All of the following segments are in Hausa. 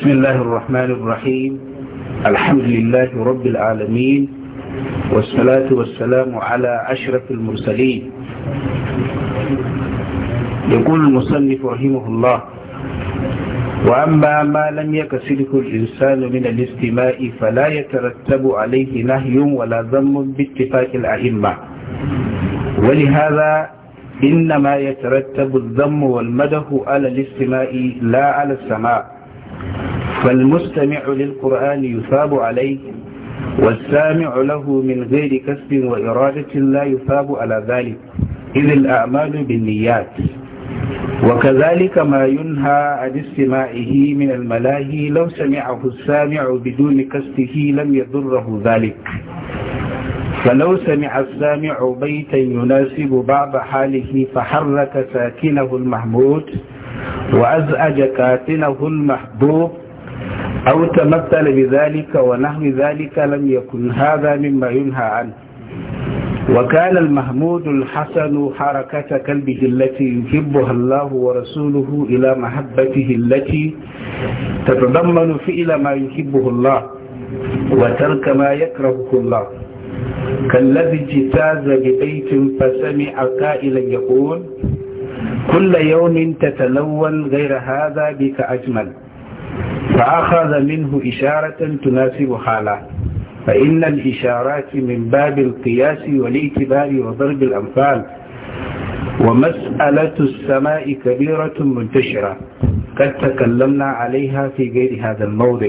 بسم الله الرحمن الرحيم الحمد لله رب العالمين والصلاة والسلام على أشرف المرسلين يقول المصنف رحمه الله وأما ما لم يكسره الإنسان من الاستماء فلا يترتب عليه نهي ولا ذم باتفاق الأئمة ولهذا إنما يترتب الذم والمده على الاستماء لا على السماء فالمستمع للقرآن يثاب عليه والسامع له من غير كسب وإرادة لا يثاب على ذلك إذ الأعمال بالنيات وكذلك ما ينهى عن استماعه من الملاهي لو سمعه السامع بدون كسبه لم يضره ذلك فلو سمع السامع بيتا يناسب بعض حاله فحرك ساكنه المحمود وأزعج كاتنه المحبوب أو تمثل بذلك ونحو ذلك لم يكن هذا مما ينهى عنه وكان المحمود الحسن حركة كلبه التي يحبها الله ورسوله إلى محبته التي تتضمن فعل ما يحبه الله وترك ما يكرهه الله كالذي اجتاز ببيت فسمع قائلا يقول كل يوم تتلون غير هذا بك أجمل فأخذ منه إشارة تناسب حاله فإن الإشارات من باب القياس والاعتبار وضرب الأمثال ومسألة السماء كبيرة منتشرة قد تكلمنا عليها في غير هذا الموضع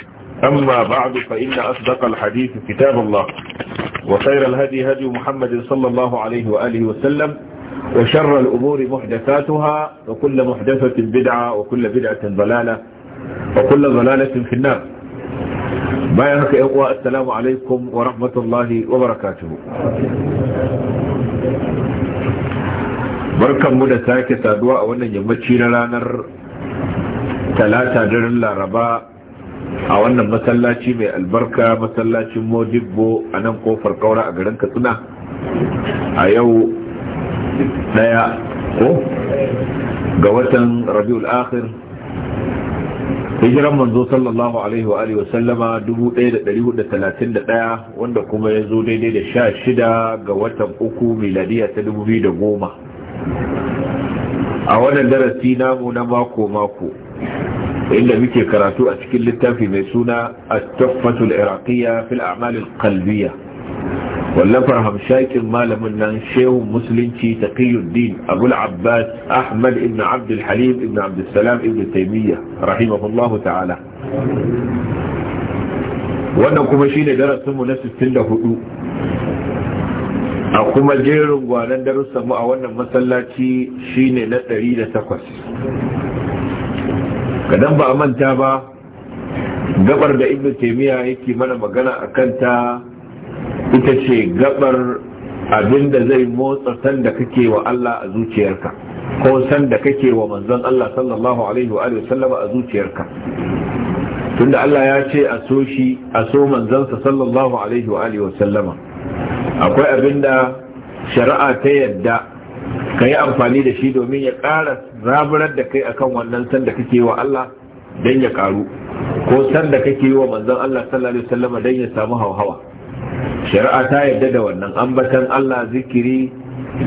أما بعد فإن أصدق الحديث كتاب الله وخير الهدي هدي محمد صلى الله عليه وآله وسلم وشر الأمور محدثاتها وكل محدثة بدعة وكل بدعة ضلالة وكل ضلالة في النار ما يهك السلام عليكم ورحمة الله وبركاته بركة مدى da sake ونجمتشين لانر ثلاثة yammaci na a wannan masallaci mai albarka masallacin modibbo a nan kofar kaura a garin katsina a yau daya ko ga watan rabiul akhir hijiran manzo sallallahu alaihi wa alihi wasallama 1431 wanda kuma ya zo daidai da sha shida ga watan uku miladiya ta 2010 a wannan darasi namu na mako mako inda muke karatu a cikin littafi mai suna at-tuhfatul iraqiyya fil a'mal al-qalbiyya wallafar hamshakin malamin nan shehun musulunci taqiyuddin abul abbas ahmad ibn abd al-halim ibn abd salam ibn taimiyya. rahimahullahu ta'ala wannan kuma shine darasin mu na 64 a kuma jerin gwanan darussan mu a wannan masallaci shine na 108 kadan ba manta ba gabar da ibn taymiya yake mana magana a kanta ita ce gabar abinda zai motsa san da kake wa Allah a zuciyarka ko san da kake wa manzon Allah sallallahu alaihi wa sallama a zuciyarka tunda Allah ya ce a so shi a so manzansa sallallahu alaihi wa sallama akwai abinda shari'a ta yadda ka yi amfani da shi domin ya ƙara raburar da kai akan wannan san da kake wa Allah don ya ƙaru ko san da kake yi wa manzon Allah sallallahu alaihi wasallam don ya samu hauhawa shari'a ta yarda da wannan ambatan Allah zikiri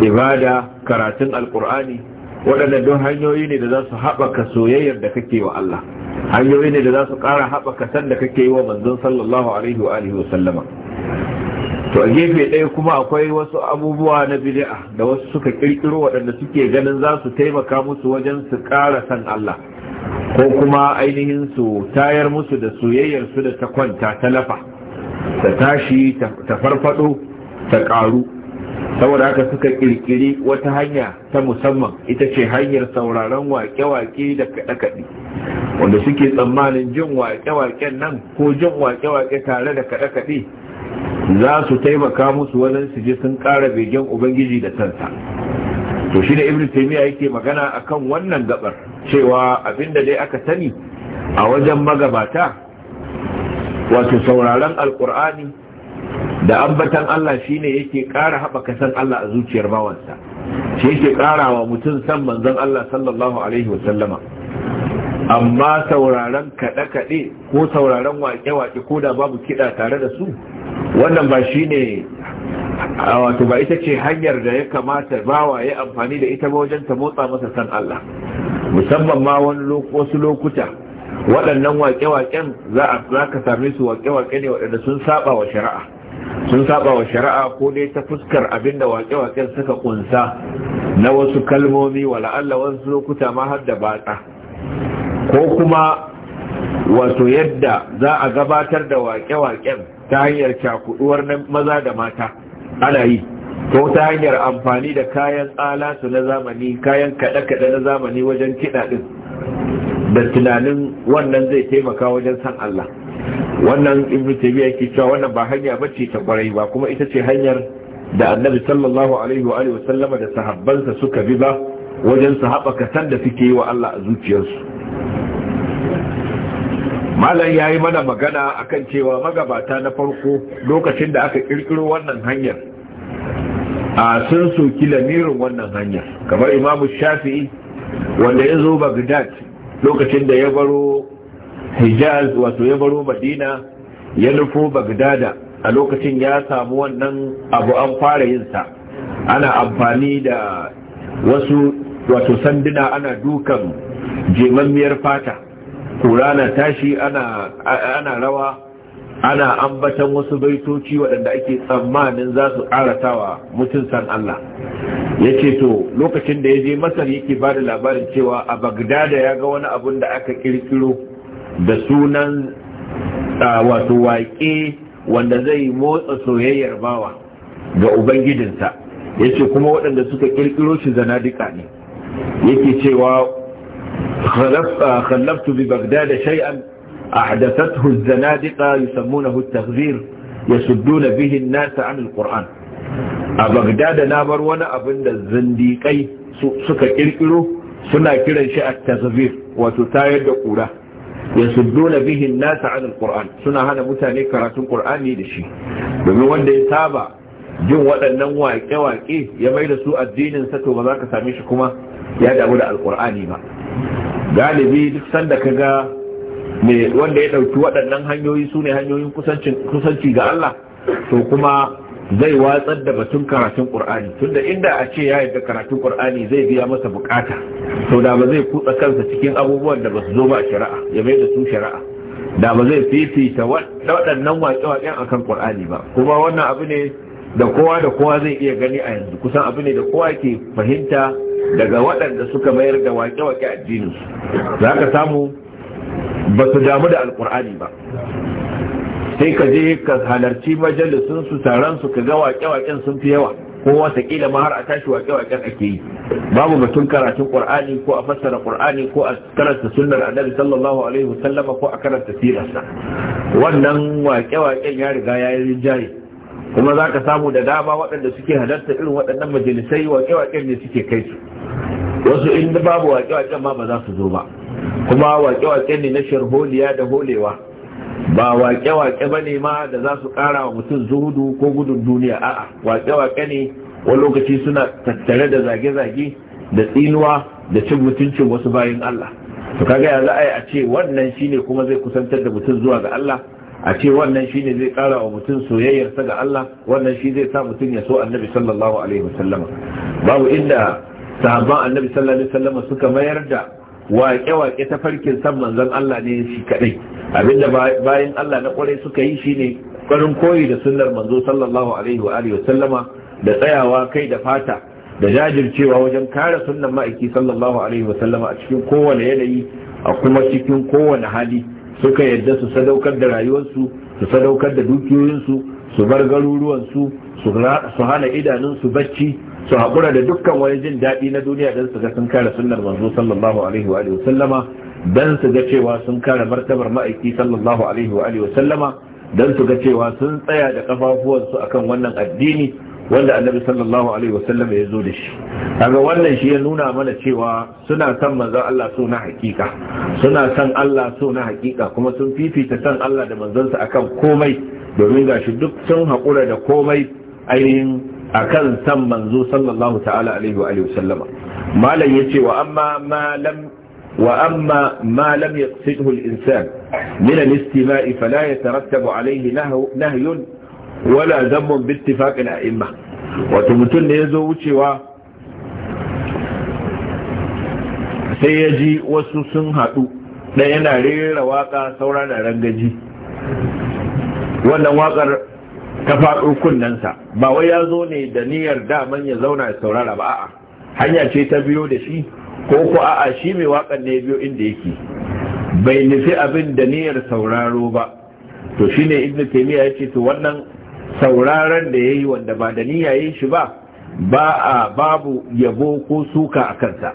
ibada karatun alqur'ani waɗannan don hanyoyi ne da za su haɓaka soyayyar da kake wa Allah hanyoyi ne da za su ƙara haɓaka san da kake yi wa manzon sallallahu alaihi wa alihi wa to a gefe ɗaya kuma akwai wasu abubuwa na bidi'a da wasu suka kirkiro waɗanda suke ganin za su taimaka musu wajen su ƙara san Allah ko kuma ainihin su tayar musu da soyayyar su da ta kwanta ta lafa ta tashi ta farfado ta ƙaru saboda haka suka kirkiri wata hanya ta musamman ita ce hanyar sauraron wake-wake da kaɗe-kaɗe wanda suke tsammanin jin wake-waken nan ko jin wake-wake tare da kaɗe-kaɗe za su taimaka musu wannan su je sun ƙara begen ubangiji da sansa to shi da ibn taymiya yake magana akan wannan gabar cewa abinda dai aka sani a wajen magabata wato sauraron alkur'ani da abbatan Allah shine yake ƙara haɓaka san Allah a zuciyar bawansa shi yake ƙara wa mutum san manzon Allah sallallahu alaihi wasallama amma sauraron kaɗe-kaɗe ko sauraron wake-wake ko da babu kiɗa tare da su wannan ba shi ne wato ba ita ce hanyar da ya kamata bawa ya amfani da ita wajen ta motsa masa san Allah musamman ma wasu lokuta waɗannan wake waƙen za ka same su wake-wake ne waɗanda sun saba wa shari'a sun saba wa shari'a ko dai ta fuskar abinda waƙe-waƙen suka kunsa na wasu kalmomi wa Allah wasu lokuta ma har da batsa ko kuma wato yadda za a gabatar da waƙe-waƙen ta hanyar cakuduwar maza da mata ana yi ko ta hanyar amfani da kayan tsala su na zamani kayan kaɗe-kaɗe na zamani wajen kiɗa ɗin da tunanin wannan zai taimaka wajen san Allah wannan ibn tabiya yake cewa wannan ba hanya bace ta kwarai ba kuma ita ce hanyar da annabi sallallahu alaihi wa alihi sallama da sahabbansa suka bi ba wajen su haɓaka san da suke yi wa Allah a zuciyarsu malam ya yi mana magana akan cewa magabata na farko lokacin da aka kirkiro wannan hanyar a sun soki lamirin wannan hanyar kamar imamu shafi'i wanda ya zo bagdad lokacin da ya baro hijaz wato ya baro madina ya nufo bagdada a lokacin ya samu wannan abu an fara yinsa ana amfani da wasu wato sanduna ana dukan jemammiyar fata kura na tashi ana rawa ana ambatan wasu baitoci waɗanda ake tsammanin za su ƙaratawa mutum san Allah ya ce to lokacin da ya je masar yake ba da labarin cewa a bagdada ya ga wani abun da aka ƙirƙiro da sunan wato waƙe wanda zai motsa soyayyar bawa ga ubangijinsa yace kuma waɗanda suka ƙirƙiro shi zanadika ne yake cewa khallaftu bi baghdad shay'an ahdathathu az-zanadiqa yusammunahu at-taghzir yasudduna bihi an-nas 'an nas an amin quran a baghdad na bar wani abin da zindikai suka ƙirƙiro suna kiran shi a taghzir wato tayar da ƙura. yasudduna bihi an-nas 'ala al-Qur'an suna hana mutane karatun Qur'ani da shi domin wanda ya saba jin waɗannan waƙe-waƙe ya mai da su addinin sa to ba za ka same shi kuma ya damu da alƙur'ani ba galibi duk sanda ka ga wanda ya ɗauki waɗannan hanyoyi su ne hanyoyin kusanci ga Allah to kuma zai watsar da batun karatun ƙur'ani tunda inda a ce ya yadda karatun ƙur'ani zai biya masa bukata to da ba zai kutsa kansa cikin abubuwan da ba su zo ba shari'a ya mai da su shari'a da ba zai fifita waɗannan waƙe-waƙen akan ƙur'ani ba kuma wannan abu ne da kowa da kowa zai iya gani a yanzu kusan abu ne da kowa ke fahimta daga waɗanda suka mayar da waƙe-waƙe addinin su. za ka samu ba su damu da alƙur'ani ba sai ka je ka halarci majalisun su taron su ka ga waƙe-waƙen sun fi yawa ko kila ma har a tashi waƙe-waƙen ake yi babu batun karatun ƙur'ani ko a fassara ƙur'ani ko a karanta sunnar annabi sallallahu alaihi wasallama ko a karanta sirarsa wannan waƙe-waƙen ya riga ya yi jari, kuma za ka samu da dama waɗanda suke halarta irin waɗannan majalisai waƙe-waƙen ne suke kai su wasu inda babu waƙe-waƙen ma ba za su zo ba kuma waƙe-waƙen ne na sharholiya da holewa ba waƙe-waƙe ba ne ma da za su ƙara wa mutum zuhudu ko gudun duniya a'a waƙe-waƙe ne wani lokaci suna tattare da zage-zage da tsinuwa da cin mutuncin wasu bayan Allah su kaga ya za a a ce wannan shine kuma zai kusantar da mutum zuwa ga Allah a ce wannan shine zai ƙara wa mutum soyayyarsa ga Allah wannan shi zai sa mutum ya so annabi sallallahu alaihi wasallama babu inda sahabban annabi sallallahu alaihi wasallama suka mayar da waƙe-waƙe ta farkin san manzon Allah ne shi kaɗai abinda bayan Allah na kwarai suka yi shine farin koyi da sunnar manzo sallallahu alaihi wa sallama da tsayawa kai da fata da jajircewa wajen kare sunan ma'aiki sallallahu alaihi wa sallama a cikin kowane yanayi a kuma cikin kowane hali suka yadda su sadaukar da rayuwarsu su sadaukar da dukiyoyinsu su bar garuruwansu su hana idanunsu bacci su haƙura da dukkan wani jin daɗi na duniya don su ga sun kare sunnar manzo sallallahu alaihi wa alihi sallama don su ga cewa sun kare martabar ma'aiki sallallahu alaihi wa alihi sallama don su ga cewa sun tsaya da kafafuwansu akan wannan addini wanda annabi sallallahu alaihi wa sallama ya zo da shi kaga wannan shi ya nuna mana cewa suna son manzon Allah so na hakika suna son Allah so na hakika kuma sun fifita son Allah da manzonsa akan komai domin gashi duk sun haƙura da komai ainihin akan san manzo sallallahu ta'ala alaihi wa alihi sallama malam yace wa amma ma lam wa amma ma lam yaqsidhu al-insan min al-istima'i fala yatarattabu alayhi nahyun wala dhanbun bi ittifaq al-a'imma wato mutun ne yazo wucewa sai ya ji wasu sun haɗu da yana rera waƙa saura da rangaji wannan waƙar. ta faɗo kunnensa ba wai ya zo ne da niyyar daman ya zauna ya saurara ba a'a hanya ce ta biyo da shi ko ko a'a shi mai waƙan ne biyo inda yake bai nufi abin da niyyar sauraro ba to shine ibn taymiya yace to wannan sauraron da yayi wanda ba da niyya yayi shi ba ba a babu yabo ko suka a kansa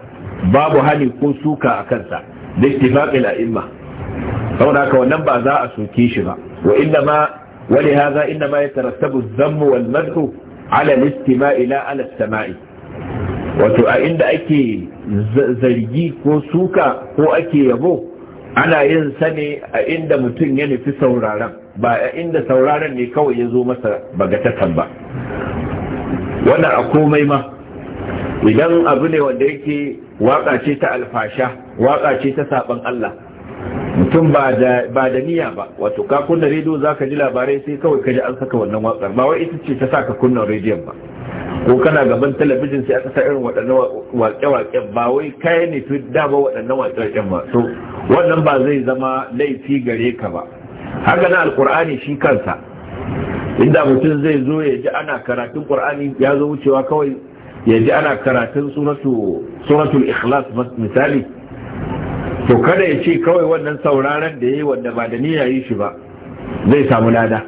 babu hali ko suka a kansa da ittifaqil a'imma saboda haka wannan ba za a soke shi ba wa inda ma ولهذا إنما يترتب الذم والمدح على الاستماء لا على السماء wato a inda ake zargi ko suka ko ake yabo ana yin sa ne a inda mutum ya nufi sauraron ba a inda sauraron ne kawai ya zo masa bagatatan ba wannan a komai ma idan abu ne wanda yake waka ce ta alfasha waka ce ta saban Allah mutum ba da niyya ba wato ka kunna rediyo za ka ji labarai sai kawai ka ji an saka wannan watsar ba wai ita ce ta sa ka kunna rediyon ba ko kana gaban talabijin sai aka sa irin waɗannan waƙe-waƙen ba wai kai ne fi dama waɗannan waƙe-waƙen ba so wannan ba zai zama laifi gare ka ba haka na alkur'ani shi kansa inda mutum zai zo ya ji ana karatun qur'ani ya zo wucewa kawai ya ji ana karatun suratul ikhlas misali to kada ya ce kawai wannan sauraron da ya yi wanda ba da niyya yi shi ba zai samu lada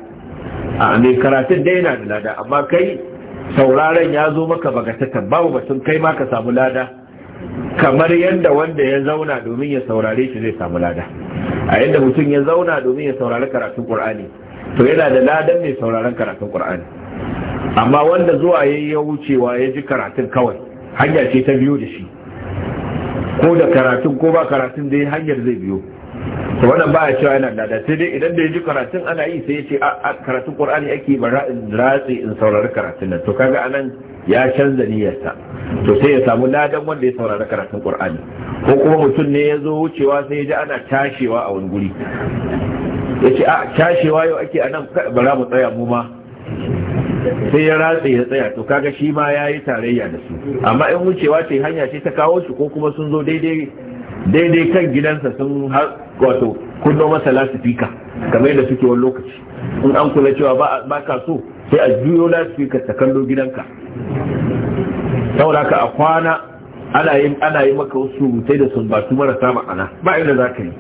a mai karatun dai yana da lada amma kai sauraron ya zo maka bagatattar babu batun kai ma ka samu lada kamar yadda wanda ya zauna domin ya saurare shi zai samu lada a yadda mutum ya zauna domin ya saurari karatun ƙur'ani to yana da ladan mai sauraron karatun ƙur'ani amma wanda zuwa ya ya wucewa ya ji karatun kawai hanya ce ta biyu da shi ko da karatun ko ba karatun dai hanyar zai biyo to wannan ba ya cewa yana lada sai dai idan da ya ji karatun ana yi sai ya ce karatun qur'ani ake ba ratsi in saurari karatun nan to kaga anan ya canza niyyarsa to sai ya samu ladan wanda ya saurari karatun qur'ani ko kuma mutum ne ya zo wucewa sai ya ji ana tashewa a wani guri ya ce a tashewa yau ake anan bara mu tsaya mu ma sai ya ratse ya tsaya to kaga shi ma ya yi tarayya da su amma in wucewa ce hanya ce ta kawo shi ko kuma sun zo daidai kan gidansa sun wato kunno masa lasifika kamar yadda suke wani lokaci in an kula cewa ba ka so sai a juyo lasifika ta kallo gidanka saboda ka a kwana ana yi ana yi maka wasu sai da sun batu marasa ma'ana ba inda za ka yi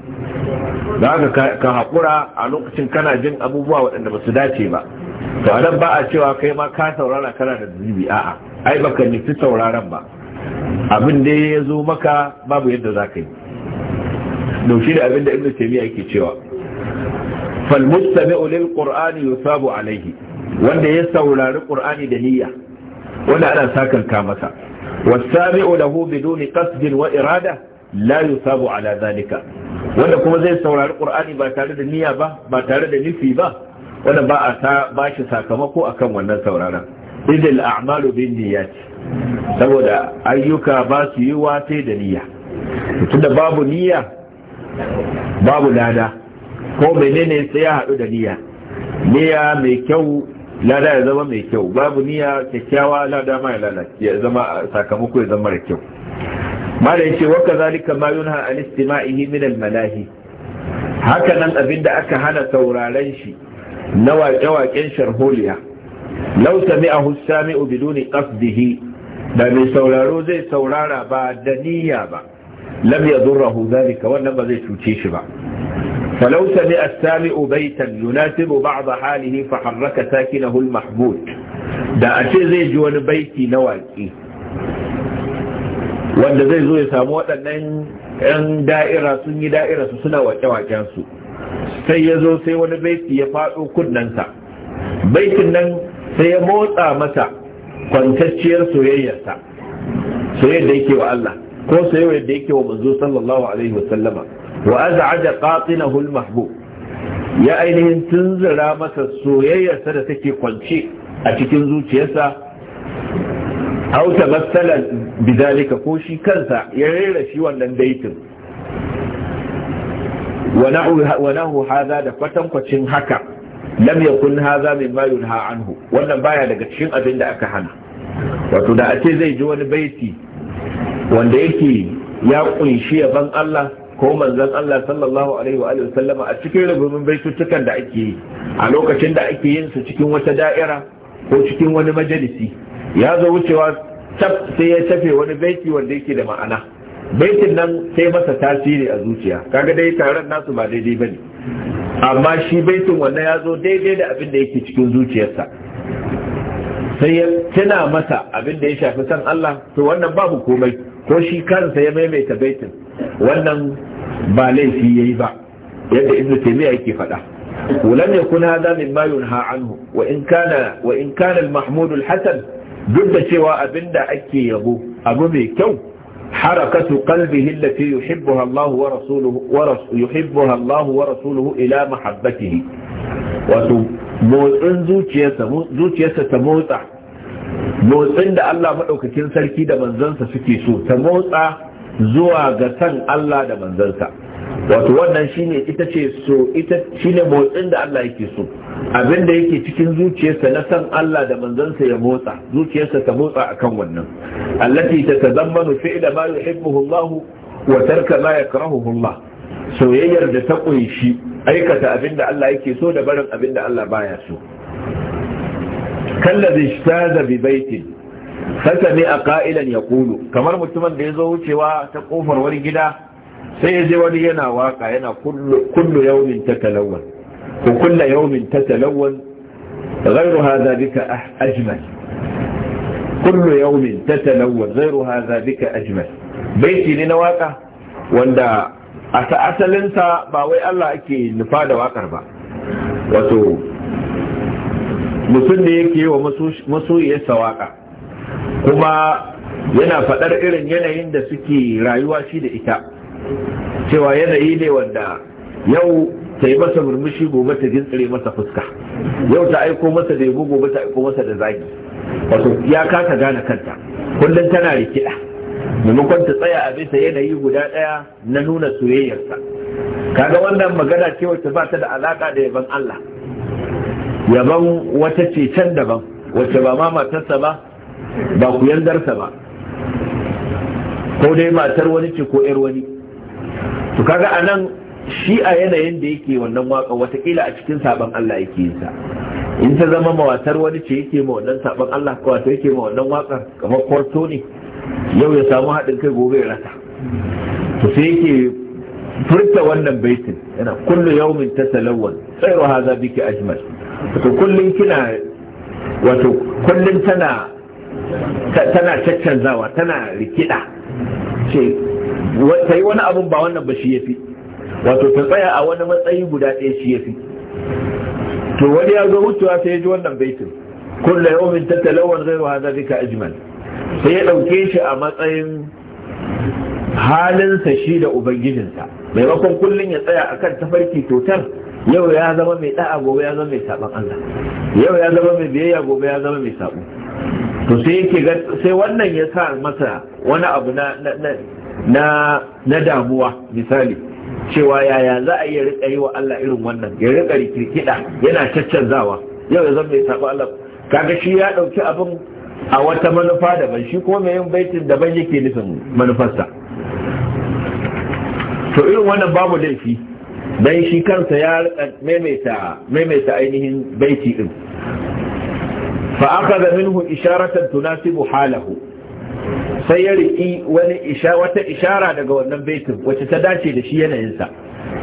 da ka haƙura a lokacin kana jin abubuwa waɗanda ba su dace ba to nan ba a cewa kai ma ka saurara kana da zunubi a'a ai ba ka nufi sauraron ba abin da ya zo maka babu yadda za ka yi daushi da abin da ibn taymiya yake cewa fal mustami'u lil qur'ani yusabu alayhi wanda ya saurari qur'ani da niyya wanda ana sakan ka masa wasami'u lahu biduni kasgin wa irada la yusabu ala zalika wanda kuma zai saurari qur'ani ba tare da niyya ba ba tare da nufi ba Wannan ba a ta ba shi sakamako akan wannan sauraron idil a'malu bin niyyat saboda ayyuka ba su yi wa sai da niyya tunda babu niyya babu lada ko menene sai ya haɗu da niyya niyya mai kyau lada ya zama mai kyau babu niyya kyakkyawa lada ma ya zama sakamako ya zama mara kyau mala yace wa kazalika ma yunha an istima'ihi min al malahi haka nan abinda aka hana sauraren shi نواقين شرهوليا لو سمعه السامع بدون قصده دامي سولارو زي سولارا با دنيا با لم يضره ذلك وانما زي سوتيش با فلو سمع السامع بيتا يناسب بعض حاله فحرك ساكنه المحبوط دا أشي زي جوان بيتي نواقين wanda zai zo ya samu waɗannan 'yan da'ira sun yi da'ira su sai ya zo sai wani baiti ya faɗo kunnensa baitin nan sai ya motsa masa kwantacciyar soyayyarsa soyayyar da yake wa Allah ko soyayyar da yake wa manzo sallallahu alaihi wa sallama wa az'aja qatinahu al-mahbub ya ainihin tunzura masa soyayyarsa da take kwance a cikin zuciyarsa aw tabassala bidalika ko shi kansa ya rera shi wannan baitin Wanahu haza da kwatankwacin haka lam yakun hadha mimma yunha anhu wannan baya daga cikin abin da aka hana wato da a ce zai ji wani baiti wanda yake ya kunshi yaban Allah ko manzon Allah sallallahu alaihi wa sallama a cikin rubutun baitutukan da ake yi a lokacin da ake yin su cikin wata da'ira ko cikin wani majalisi ya zo wucewa sai ya tafe wani baiti wanda yake da ma'ana baitin nan sai masa tasiri a zuciya kaga dai taron nasu ba daidai bane amma shi baitin wannan ya zo daidai da abin da yake cikin zuciyarsa sai ya tuna masa abin da ya shafi san Allah to wannan babu komai ko shi kansa ya maimaita baitin wannan ba laifi yayi ba yadda ibnu taymiya yake faɗa ولم يكن هذا مما ينهى عنه وان كان, وان كان المحمود الحسن duk da cewa abin da ake yabo abu mai kyau حركة قلبه التي يحبها الله ورسوله ورسول يحبها الله ورسوله إلى محبته وموتن زوجيسة تموتع موتن دا الله مدعوك كنسل كي دا منزنسة سكي سو تموتع زوا غسن الله دا منزنسة wato wannan shine ita ce so ita shine motsin da Allah yake so abin da yake cikin zuciyarsa na san Allah da manzansa ya motsa zuciyarsa ta motsa akan wannan allati tatazammanu fi'la ma yuhibbuhu Allah wa tarka ma yakrahuhu Allah soyayyar da ta kunshi aikata abin da Allah yake so da barin abin da Allah baya so kallazi ishtaza bi baitin fasami a qa'ilan yaqulu kamar mutumin da ya zo wucewa ta kofar wani gida sai ya je wani yana waka yana kullu yawmin tatalawwan ko kullu yawmin tatalawwan ah, baiti ne na waka wanda asalinsa ba wai Allah ake nufa da waƙar ba wato mutum da yake wa masoyiyarsa waƙa. kuma yana faɗar irin yanayin da suke rayuwa shi da ita cewa yanayi ne wanda yau ta yi masa murmushi gobe ta gintsire masa fuska yau ta aiko masa da yabo gobe ta aiko masa da zagi wato ya kasa gane kanta kullum tana rikida maimakon ta tsaya a bisa yanayi guda daya na nuna soyayyarsa kaga wannan magana ce wacce ba ta da alaka da yaban Allah yaban wata ce can daban wacce ba ma matarsa ba ba ku yandarsa ba ko dai matar wani ce ko yar wani to kaga anan shi a yanayin da yake wannan waka watakila a cikin sabon Allah yake yinsa sa in ta zama mawatar wani ce yake ma wannan sabon Allah ko wato yake ma wannan wakar kamar kwarto ne yau ya samu haɗin kai gobe ya rasa to sai yake furta wannan baitin yana kullu yawmin tatalawwan tsayru hadha biki ajmal to kullun kina wato kullun tana tana caccanzawa tana rikida ce ta yi wani abin ba wannan ba shi ya fi wato ta tsaya a wani matsayi guda ɗaya shi ya fi to wani ya zo mutuwa sai ya ji wannan baitin kulla yawmin tattalawan ghayru hadha bika ajmal sai ya ɗauke shi a matsayin halinsa shi da ubangijinsa maimakon kullum ya tsaya a kan tafarki totar yau ya zama mai ɗa'a gobe ya zama mai saɓan Allah yau ya zama mai biyayya gobe ya zama mai saɓo. to sai yake sai wannan ya sa masa wani abu na na damuwa misali cewa yaya za a iya rika yi wa Allah irin wannan ya rika rikirkida yana caccanzawa yau ya zama mai Allah kaga shi ya dauki abin a wata manufa daban shi ko mai yin baitin daban yake nufin manufarsa to irin wannan babu laifi dan shi kansa ya maimaita maimaita ainihin baiti din fa da minhu isharatan tunasibu halahu sai ya riƙi wani isha wata ishara daga wannan baitin wacce ta dace da shi yanayinsa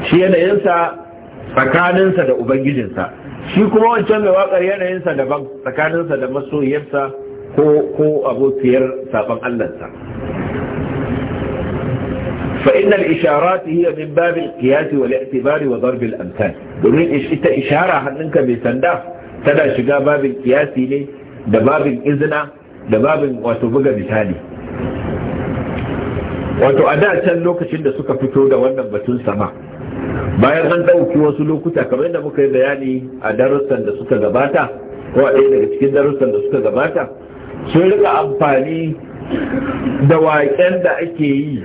shi yanayinsa tsakaninsa da ubangijinsa shi kuma wancan mai wakar yanayinsa daban tsakaninsa da masoyiyarsa ko ko abokiyar saban allansa فإن الإشارات هي من باب القياس والاعتبار وضرب الأمثال domin ita ishara hannunka mai sanda tana shiga babin kiyasi ne da babin izina da babin wato buga misali wato a da can lokacin da suka fito da wannan batun sama bayan an ɗauki wasu lokuta kamar yadda muka yi bayani a darussan da suka gabata ko a ɗaya daga cikin darussan da suka gabata sun rika amfani da waƙen da ake yi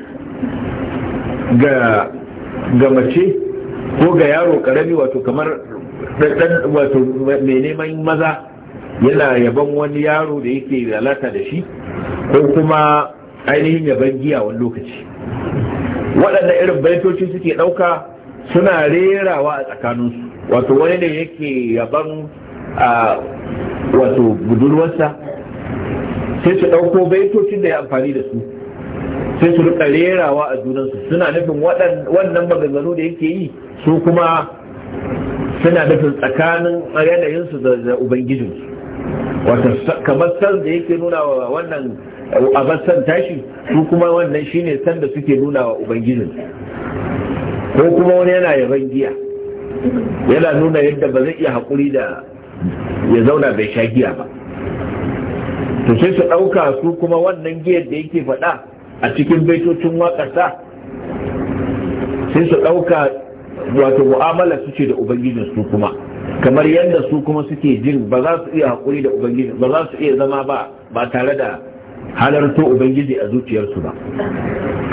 ga ga mace ko ga yaro karami wato kamar wato mai neman maza yana yaban wani yaro da yake lalata da shi ko kuma ainihin yaban giya wani lokaci waɗanda irin baitoci suke ɗauka suna rerawa a tsakaninsu wato wani ne yake yaban a wato budurwarsa sai su ɗauko baitocin da ya amfani da su sai su rika rerawa a junansu suna nufin wannan maganganu da yake yi su kuma suna nufin tsakanin yanayinsu da ubangijinsu wata kamar san da yake nuna wa wannan a basan tashi su kuma wannan shine sanda suke nuna wa ubangijin ko kuma wani yana yaban giya yana nuna yadda ba zai iya haƙuri da ya zauna bai sha giya ba to sai su ɗauka su kuma wannan giyar da yake faɗa a cikin baitocin waƙarsa sai su ɗauka wato mu'amala su ce da ubangijin su kuma kamar yadda su kuma suke jin ba za su iya haƙuri da ubangijin ba za su iya zama ba ba tare da halarto ubangiji a zuciyarsu ba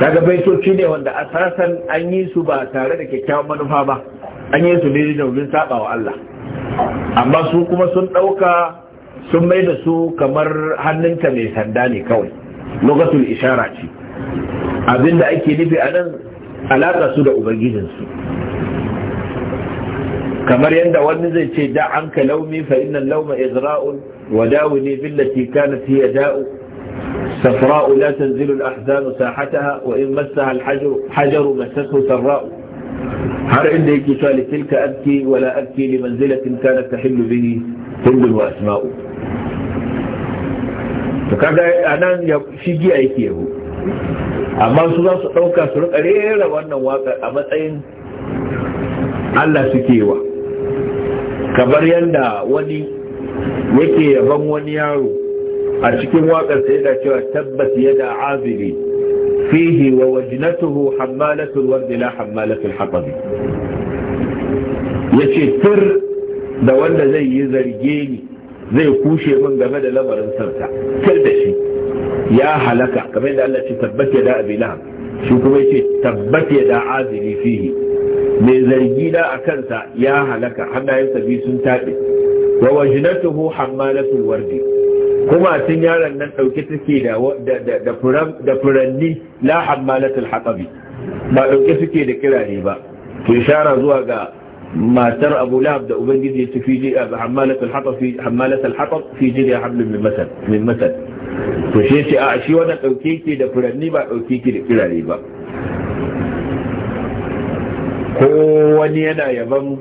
kaga baitoci ne wanda asasan an yi su ba tare da kyakkyawan manufa ba an yi su ne da wurin saba wa Allah amma su kuma sun ɗauka sun mai da su kamar hannunta mai sanda ne kawai lokacin ishara ce abinda ake nufi a nan alaƙa su da ubangijinsu kamar yadda wani zai ce da an ka laumi fa innan lauma izra'un wa dawuni billati kanat hiya da'u سفراء لا تنزل الأحزان ساحتها وإن مسها الحجر حجر مسته سراء هل عندي كفال تلك أبكي ولا أبكي لمنزلة كانت تحل به كل وأسماء فكان أنا في أي كيه أما سوى سوكا سرق أليه وأنا واقع أمتين ألا سكيوة كبريان دا ودي ويكي رموان يارو a cikin waƙar sai yana cewa tabbas yada aziri fihi wa wajnatuhu hammalatul wardi la hammalatul hatab yace tur da wanda zai yi zarge ni zai kushe min game da lamarin sarta kar da shi ya halaka kamar da Allah ce tabbas yada abi lahab shi kuma yace tabbat yada aziri fihi mai zargi da a kansa ya halaka hannayensa biyu sun taɓe wa wajnatuhu hammalatul wardi kuma sun yaran nan ɗauke suke da furanni la hammalatul haƙabi ba ɗauke suke da kirare ba to shara zuwa ga matar abu lahab da ubangiji su fi ji a hammalatul haƙab fi ji da hablin min masar to shi shi a shi wannan ɗauke ke da furanni ba ɗauke ke da kirare ba ko wani yana yaban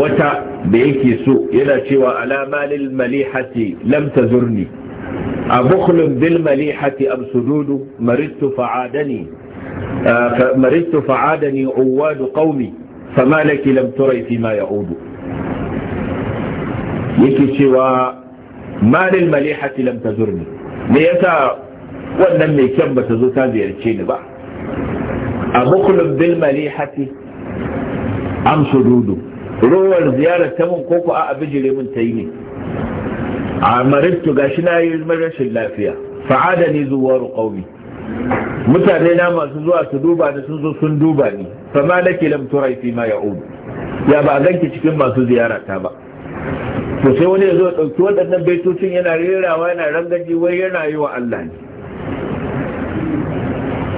wata da yake so yana cewa alamalil malihati lam tazurni أبخل بالمليحة أم سدود مرضت فعادني مرضت فعادني عواد قومي فما لك لم تري فيما udu yake cewa malil malihati lam tazurni me yasa wannan mai kyan ba ta zo ta ziyarce ni ba abukulun bil malihati am sududu rowar ziyarar ta mun ko a abijire mun ta yi ne a ga shi na yi rashin lafiya fa'ada ni zuwa qaumi mutane na masu zuwa su duba da sun zo sun duba ni fa ma ke lamtura turai fi ma ya'ud ya ba a ganki cikin masu ziyara ta ba to sai wani ya zo ɗauki waɗannan baitocin yana rerawa yana rangaji wai yana yi wa Allah ne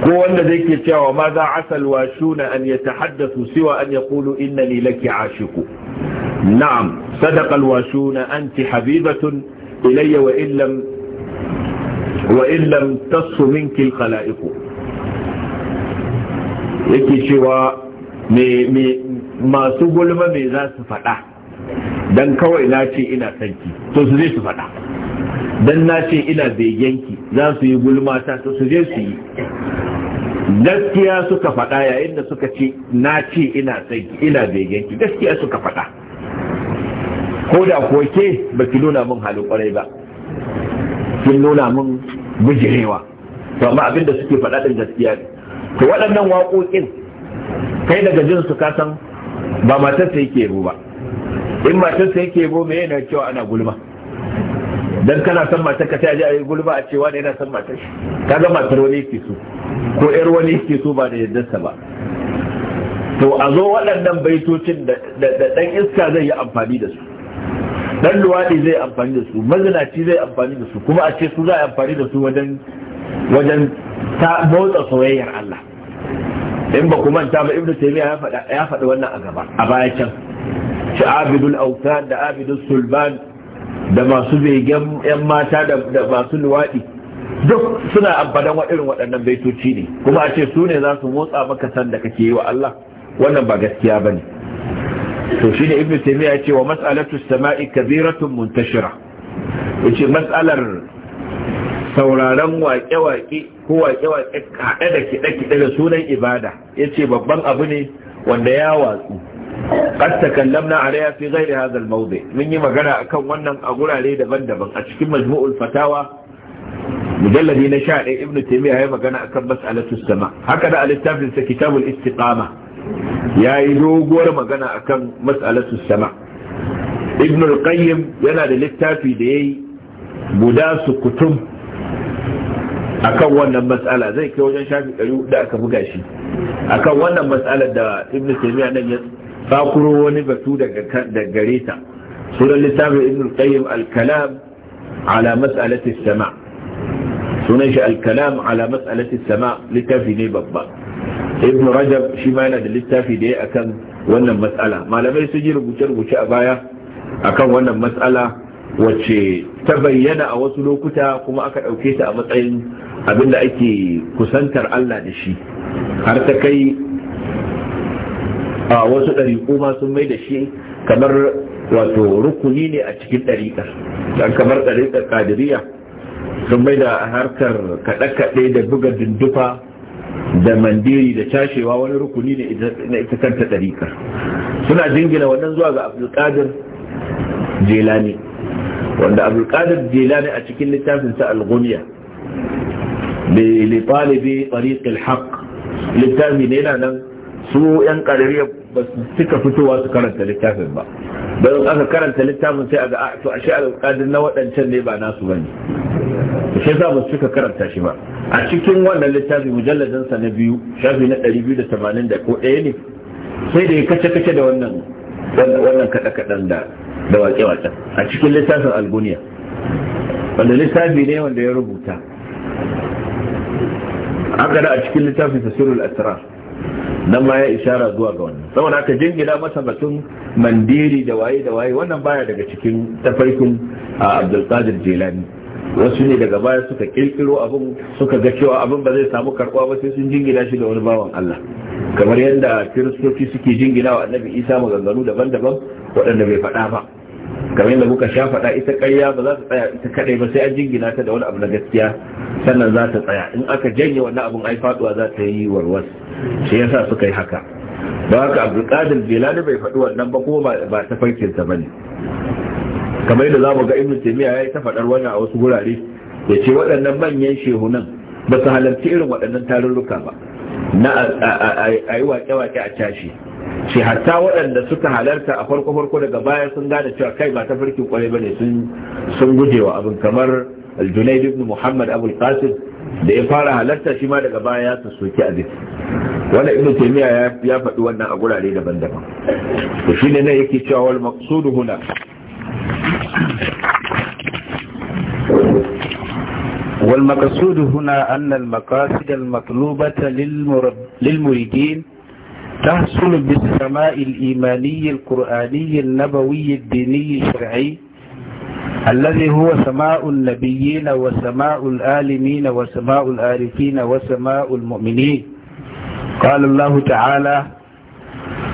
ko wanda zai ke cewa ma za a salwa shuna an ya tahaddasu siwa an ya kulu inna ni laki a shiku na'am sadakal wa shuna an anti habibatun ilayya wa illam wa illam tasu minki alkhalaiq yake cewa me masu gulma mai za su faɗa don kawai na ce ina sanki to su zai su faɗa dan na ce ina yanki za su yi gulma ta su je su yi gaskiya suka faɗa yayin da suka ce na ce ina ina yanki gaskiya suka faɗa ko da ko ke ba ki nuna min halin kwarai ba kin nuna min bijirewa to amma abin da suke faɗa din gaskiya ne to waɗannan waƙoƙin kai daga jin su ka san ba matarsa yake yabo ba in matarsa yake yabo me yana cewa ana gulma dan kana san matar ka ta a yi gulma a cewa ne yana san matar shi kaga matar wani yake so ko yar wani yake so ba da yaddarsa ba to a zo waɗannan baitocin da ɗan iska zai yi amfani da su ɗan luwaɗi zai amfani da su mazinaci zai amfani da su kuma a ce su za a amfani da su wajen wajen ta motsa soyayyar Allah in ba ku manta ba ibnu taymiya ya faɗi wannan a gaba a baya can shi abidul awsan da abidul sulban da masu begen 'yan mata da masu luwaɗi duk suna amfanin irin waɗannan baitoci ne kuma a ce su ne za su motsa maka san da kake yi wa Allah wannan ba gaskiya ba ne to shi ne ibn taymiya ya ce wa mas'alatu sama'i kabiratun muntashira yace mas'alar sauraron waƙe-waƙe ko waƙe-waƙe haɗe da kiɗe-kiɗe da sunan ibada yace babban abu ne wanda ya watsu قد تكلمنا عليها في غير هذا الموضع من يما قنا أكون ونن أقول عليه دبن دبن أشكم مجموع الفتاوى مجلد نشاء ابن تيمية يما قنا أكون مسألة السماء هكذا الاتفل كتاب الاستقامة يا يدوق ورما قنا أكون مسألة السماء ابن القيم ينال الاتفل دي مداس كتم akan ونن مسألة زي كيوجان wajen shafi ɗari da aka buga shi akan wannan matsalar da ibn fakuro wani batu daga gare ta sunan littafin ibn al-qayyim al-kalam ala mas'alati sama sunan shi al-kalam ala mas'alati sama littafi ne babba ibn rajab shi ma yana da littafi da ya akan wannan matsala malamai sun yi rubuce-rubuce a baya akan wannan matsala wacce ta bayyana a wasu lokuta kuma aka ɗauke ta a matsayin abinda ake kusantar Allah da shi har ta kai a wasu ɗariƙu ma sun mai da shi kamar wato rukuni ne a cikin ɗariƙar dan kamar ɗariƙar ƙadiriya sun mai da harkar kaɗe-kaɗe da buga dindufa da mandiri da cashewa wani rukuni ne na ita kanta ɗariƙar suna jingina wannan zuwa ga abdulkadir jelani wanda abdulkadir jelani a cikin littafinsa al bai li talibi tariqil haqq littafin littafi ne yana nan su yan kadariya ba su cika fitowa su karanta littafin ba bayan aka karanta littafin sai a ga ah, to ashe alƙadin na waɗancan ne ba nasu bane to shi yasa ba su cika karanta shi ba a cikin wannan littafin mujalladin sa na biyu shafi na 280 da ko ɗaya ne sai da ya kace kace da wannan wannan kada kadan da da waƙe waƙen a cikin littafin alguniya wanda littafi ne wanda ya rubuta haka da a cikin littafin tasirul asrar nan ma ya ishara zuwa ga wannan saboda aka jingina masa batun mandiri da waye da waye wannan baya daga cikin tafarkin qadir jelani wasu ne daga baya suka kirkiro abin suka ga cewa abin ba zai samu karɓuwa ba sai sun jingina shi da wani bawan Allah kamar yadda kiristoci suke jingina wa annabi isa maganganu daban-daban waɗanda bai faɗa ba kamar yadda muka sha faɗa ita ƙarya ba za ta tsaya ita kaɗai ba sai an jingina ta da wani abu na gaskiya sannan za ta tsaya in aka janye wannan abin ai faɗuwa za ta yi warwas shi yasa suka yi haka don haka abdulkadir jilani bai faɗi wannan ba kuma ba ta farkinsa ba ne kamar yadda za mu ga ibn taymiya ya yi ta faɗar wannan a wasu wurare ya ce waɗannan manyan shehunan ba su halarci irin waɗannan tarurruka ba na a yi wake-wake a cashe shi hatta waɗanda suka halarta a farko-farko daga baya sun gane cewa kai ba ta farkin kwarai ba ne sun wa abin kamar الجنيد بن محمد ابو القاسم da ya fara halarta shi ma daga baya ya sassoki abin wanda ibn taymiya ya faɗi wannan a gurare daban-daban to shine ne yake cewa wal maqsudu huna wal huna anna al والمقصود هنا أن المقاصد المطلوبة للمريدين تحصل بالسماء الإيماني القرآني النبوي الديني الشرعي الذي هو سماء النبيين وسماء الآلمين وسماء الآرفين وسماء المؤمنين قال الله تعالى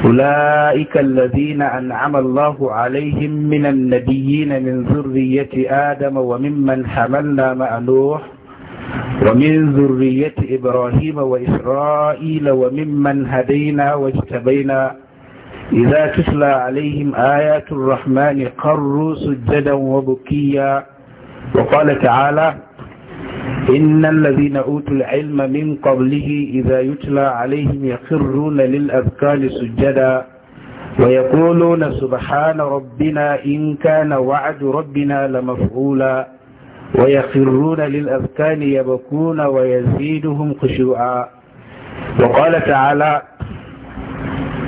أولئك الذين أنعم الله عليهم من النبيين من ذرية آدم وممن حملنا مع نوح ومن ذرية إبراهيم وإسرائيل وممن هدينا واجتبينا إذا تتلى عليهم آيات الرحمن قروا سجدا وبكيا وقال تعالى إن الذين أوتوا العلم من قبله إذا يتلى عليهم يخرون للأذكار سجدا ويقولون سبحان ربنا إن كان وعد ربنا لمفعولا ويخرون للأذكار يبكون ويزيدهم خشوعا وقال تعالى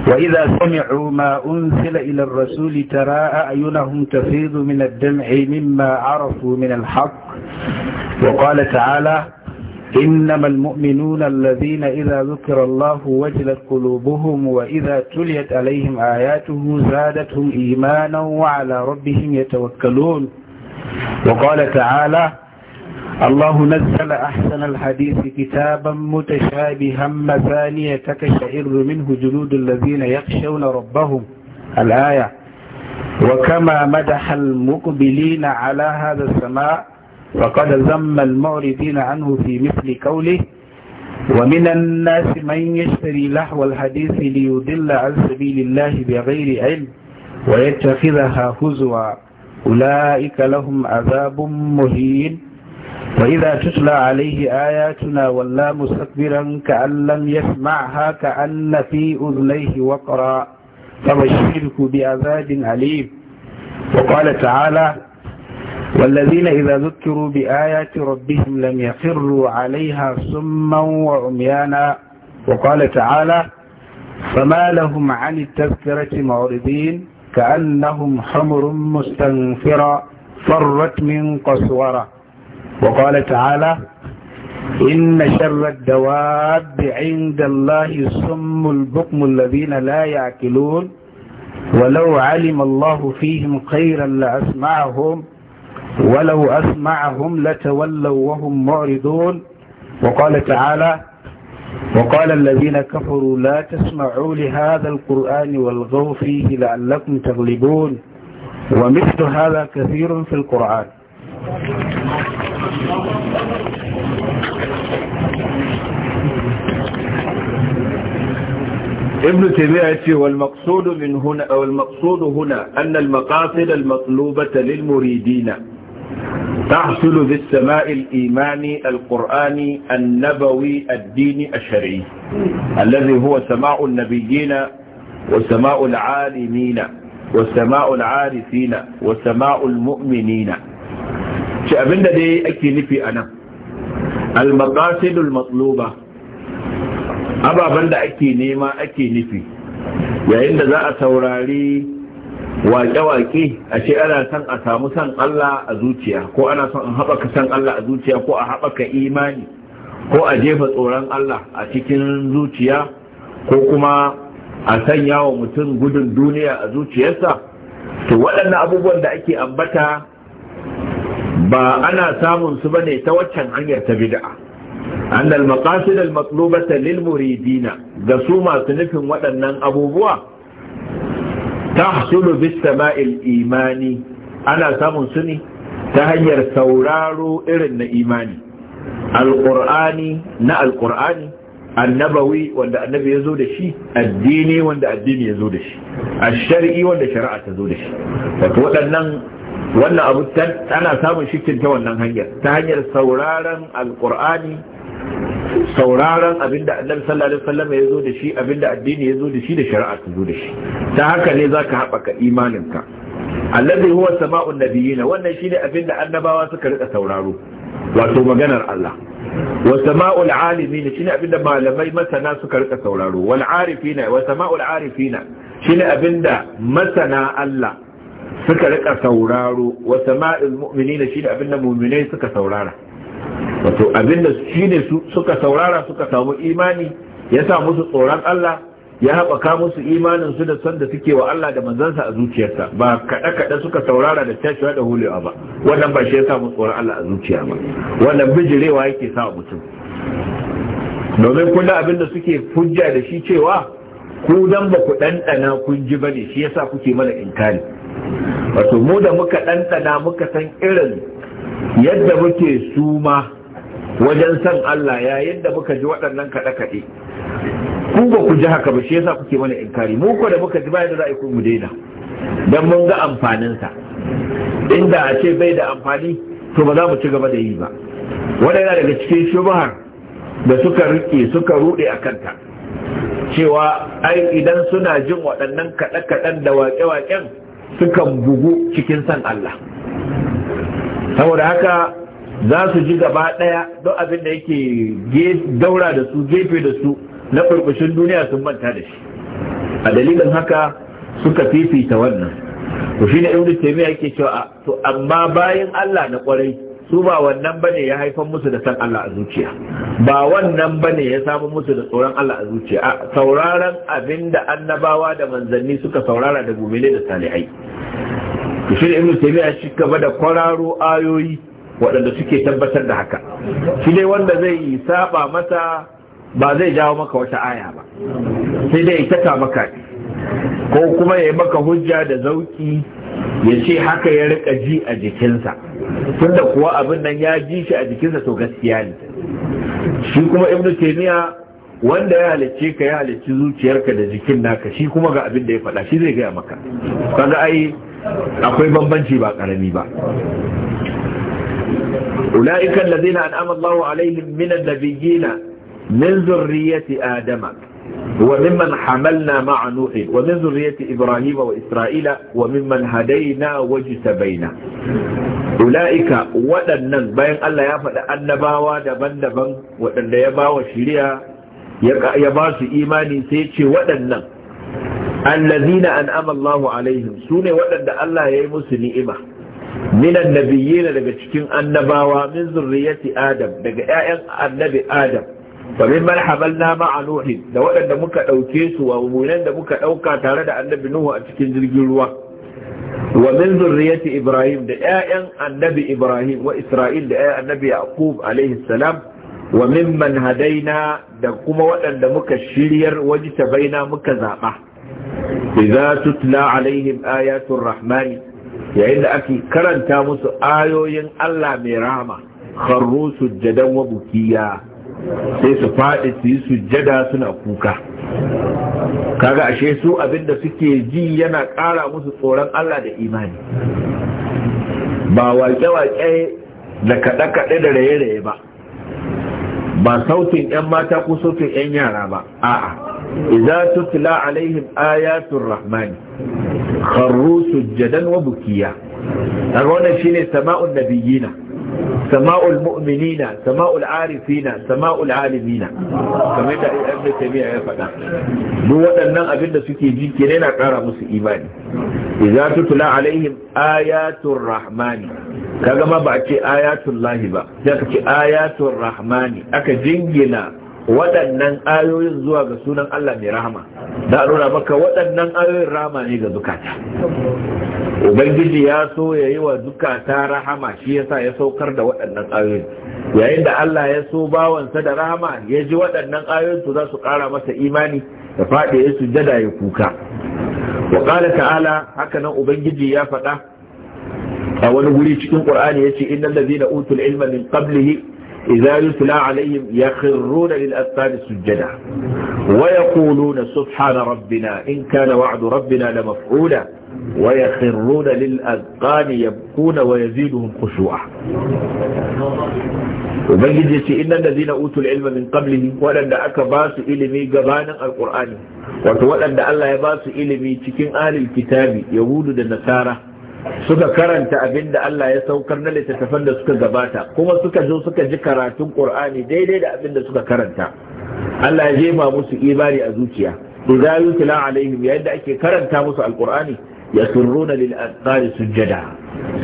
وإذا سمعوا ما أنزل إلى الرسول ترى أعينهم تفيض من الدمع مما عرفوا من الحق وقال تعالى إنما المؤمنون الذين إذا ذكر الله وجلت قلوبهم وإذا تليت عليهم آياته زادتهم إيمانا وعلى ربهم يتوكلون وقال تعالى الله نزل أحسن الحديث كتابا متشابها مثانية تكشعر منه جلود الذين يخشون ربهم الآية وكما مدح المقبلين على هذا السماء وقد ذم المعرضين عنه في مثل قوله ومن الناس من يشتري لحو الحديث ليضل عن سبيل الله بغير علم ويتخذها هزوا أولئك لهم عذاب مهين وإذا تتلى عليه آياتنا ولا مستكبرا كأن لم يسمعها كأن في أذنيه وقرا فبشرك بعذاب أليم وقال تعالى والذين إذا ذكروا بآيات ربهم لم يخروا عليها سما وعميانا وقال تعالى فما لهم عن التذكرة معرضين كأنهم حمر مستنفرة فرت من قسوره وقال تعالى إن شر الدواب عند الله الصم البكم الذين لا يعقلون ولو علم الله فيهم خيرا لأسمعهم ولو أسمعهم لتولوا وهم معرضون وقال تعالى وقال الذين كفروا لا تسمعوا لهذا القرآن والغوا فيه لعلكم تغلبون ومثل هذا كثير في القرآن ابن تيمية والمقصود من هنا أو المقصود هنا أن المقاصد المطلوبة للمريدين تحصل بالسماء الإيماني القرآني النبوي الديني الشرعي الذي هو سماء النبيين وسماء العالمين وسماء العارفين وسماء المؤمنين shi abinda dai ake nufi a nan al-maqasidul ababen da ake nema ake nufi yayin da za a saurari waƙe-waƙe a ce ana son a samu son Allah a zuciya ko ana son a haɓaka son Allah a zuciya ko a haɓaka imani ko a jefa tsoron Allah a cikin zuciya ko kuma a sanya wa mutum gudun duniya a zuciyarsa to waɗannan abubuwan da ake ambata ba ana samun su bane ta waccan hanyar ta bid'a an al-maqasid al-matlubata lil muridina ga su masu nufin waɗannan abubuwa tahsulu bis sama'il imani ana samun su ne ta hanyar sauraro irin na imani alqur'ani na alqur'ani annabawi wanda annabi ya zo da shi addini wanda addini ya zo da shi ash-shar'i wanda shari'a ta zo da shi wato waɗannan wannan abu ana samun shikin ta wannan hanyar ta hanyar sauraron alkur'ani sauraron abinda annabi sallallahu alaihi wasallam ya zo da shi abinda addini ya zo da shi da shari'a ta zo da shi ta haka ne zaka haɓaka imaninka allazi huwa sama'un nabiyina wannan shine abinda annabawa suka rika sauraro wato maganar Allah wa sama'ul alimin shine abinda malamai masana suka rika sauraro wal arifina wa sama'ul arifina shine abinda masana Allah suka rika sauraro wa sama'il mu'minina shine da mu'minai suka saurara wato abinda shine suka saurara suka samu imani ya sa musu tsoron Allah ya haɓaka musu imanin su da son da suke wa Allah da manzansa a zuciyarsa ba kaɗe kaɗe suka saurara da tashiwa da hulewa ba wannan ba shi ya sa musu tsoron Allah a zuciya ba wannan bijirewa yake sa mutum domin kula abin da suke hujja da shi cewa ku dan ba ku ɗanɗana kun ji ne, shi yasa kuke mana inkari wato mu da muka ɗanɗana muka san irin yadda muke suma wajen san Allah yayin da muka ji waɗannan kaɗe-kaɗe ku ba ku ji haka ba shi yasa kuke mana inkari mu ko da muka ji bayan da za a yi ku mu daina dan mun ga amfaninsa inda a ce bai da amfani to ba za mu ci gaba da yi ba wanda yana daga cikin shubhar da suka rike suka rude a kanta cewa ai idan suna jin waɗannan kaɗe-kaɗen da waƙe-waƙen sukan bugu cikin san Allah saboda haka za su ji gaba ɗaya don abin da yake daura da su gefe da su na ƙarƙashin duniya sun manta da shi a dalilin haka suka fifita wannan to shine ibnu taymiya yake cewa to amma bayan Allah na kwarai su ba wannan bane ya haifar musu da san Allah a zuciya ba wannan bane ya samu musu da tsoron Allah a zuciya a sauraron abinda annabawa da manzanni suka saurara da gumile da salihai shi ibnu taymiya shi gaba da kwararo ayoyi waɗanda suke tabbatar da haka shi ne wanda zai yi saba masa ba zai jawo maka wata aya ba sai dai ita ta maka ko kuma ya yi maka hujja da zauki ya ce haka ya rika ji a jikinsa tunda kuwa abin nan ya ji shi a jikinsa to gaskiya ne shi kuma ibnu taymiya wanda ya halicce ka ya halicci zuciyarka da jikin naka shi kuma ga abin da ya faɗa shi zai gaya maka kaga ai akwai bambanci ba karami ba ula'ikan lazina an'ama Allahu alaihim min gina min zurriyyati adama وممن حملنا مع نوح ومن ذرية إبراهيم وإسرائيل وممن هدينا واجتبينا أولئك ودنن بين الله يفعل أنباوا دبن دبن ودن يباوا شريا يباس إيماني سيتش ودنن الذين أنعم الله عليهم سوني ودن الله يمس نئمة من النبيين لغتشكين أنباوا من ذرية آدم لغتشكين النبي آدم فمن من حملنا مع نوح da waɗanda muka ɗauke su wa munan da muka ɗauka tare da annabi Nuhu a cikin jirgin ruwa wa min zurriyati Ibrahim da ƴaƴan annabi Ibrahim wa Isra'il da ƴaƴan annabi Yaqub alaihi salam wa mimman hadaina da kuma waɗanda muka shiryar waji tabaina muka zaba idza tutla alaihim ayatul rahmani yayin da ake karanta musu ayoyin Allah mai rahama kharru sujjadan wa bukiya sai su faɗi su yi sujjada suna kuka kaga ashe su abinda suke ji yana ƙara musu tsoron Allah da imani ba waƙe-waƙe da kaɗe-kaɗe da raye-raye ba ba sautin 'yan mata ko sautin 'yan yara ba a'a idza tutla alaihim ayatul rahman kharru sujjadan wa bukiya kaga wannan shine sama'un nabiyina sama'ul mu'minina sama'ul arifina sama'ul alimina kamar da ibn taymiya ya faɗa Mu waɗannan abinda suke ji kenan na ƙara musu imani idza tutla alaihim ayatul rahmani kaga ma ba a ce ayatul lahi ba sai aka ce ayatul rahmani aka jingina waɗannan ayoyin zuwa ga sunan Allah mai rahama da nuna maka waɗannan ayoyin rahama ne ga zukata ubangiji ya so ya yi wa zukata rahama shi yasa ya saukar da waɗannan ayoyin yayin da Allah ya so bawansa da rahama ya ji waɗannan ayoyin su za su ƙara masa imani da faɗi ya jada ya kuka wa ƙala ta'ala haka nan ubangiji ya faɗa a wani wuri cikin ƙur'ani ya ce innal ladina utul ilma min qablihi إذا يتلى عليهم يخرون للأذقان سجدا ويقولون سبحان ربنا إن كان وعد ربنا لمفعولا ويخرون للأذقان يبكون ويزيدهم خشوعا وبنجد يسي إن الذين أوتوا العلم من قبله ولن دعك باس إلمي قبانا القرآن وتولن دع الله يباس إلمي تكين آل الكتاب يهود النسارة suka karanta abin da Allah ya saukar na littattafan da suka gabata kuma suka zo suka ji karatun Qur'ani daidai da abin da suka karanta Allah ya jefa musu imani a zuciya idza yutla alaihim da ake karanta musu alqur'ani yasurruna lil azqari sujjada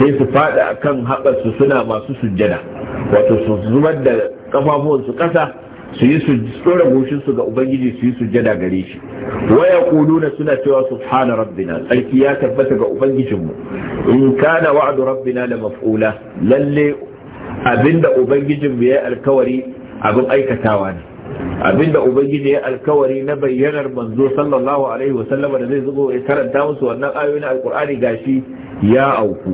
sai su fada akan haɓarsu suna masu sujjada wato su zubar da kafafuwansu ƙasa su yi su tsora goshin ga ubangiji su yi sujjada gare shi waya na suna cewa subhana rabbina tsarki ya tabbata ga ubangijinmu in kana wa'adu rabbina da maf'ula lalle abinda ubangijinmu ya alkawari abin aikatawa ne abinda ubangiji ya alkawari na bayyanar manzo sallallahu alaihi sallama da zai zubo ya karanta musu wannan ayoyin alkur'ani gashi ya auku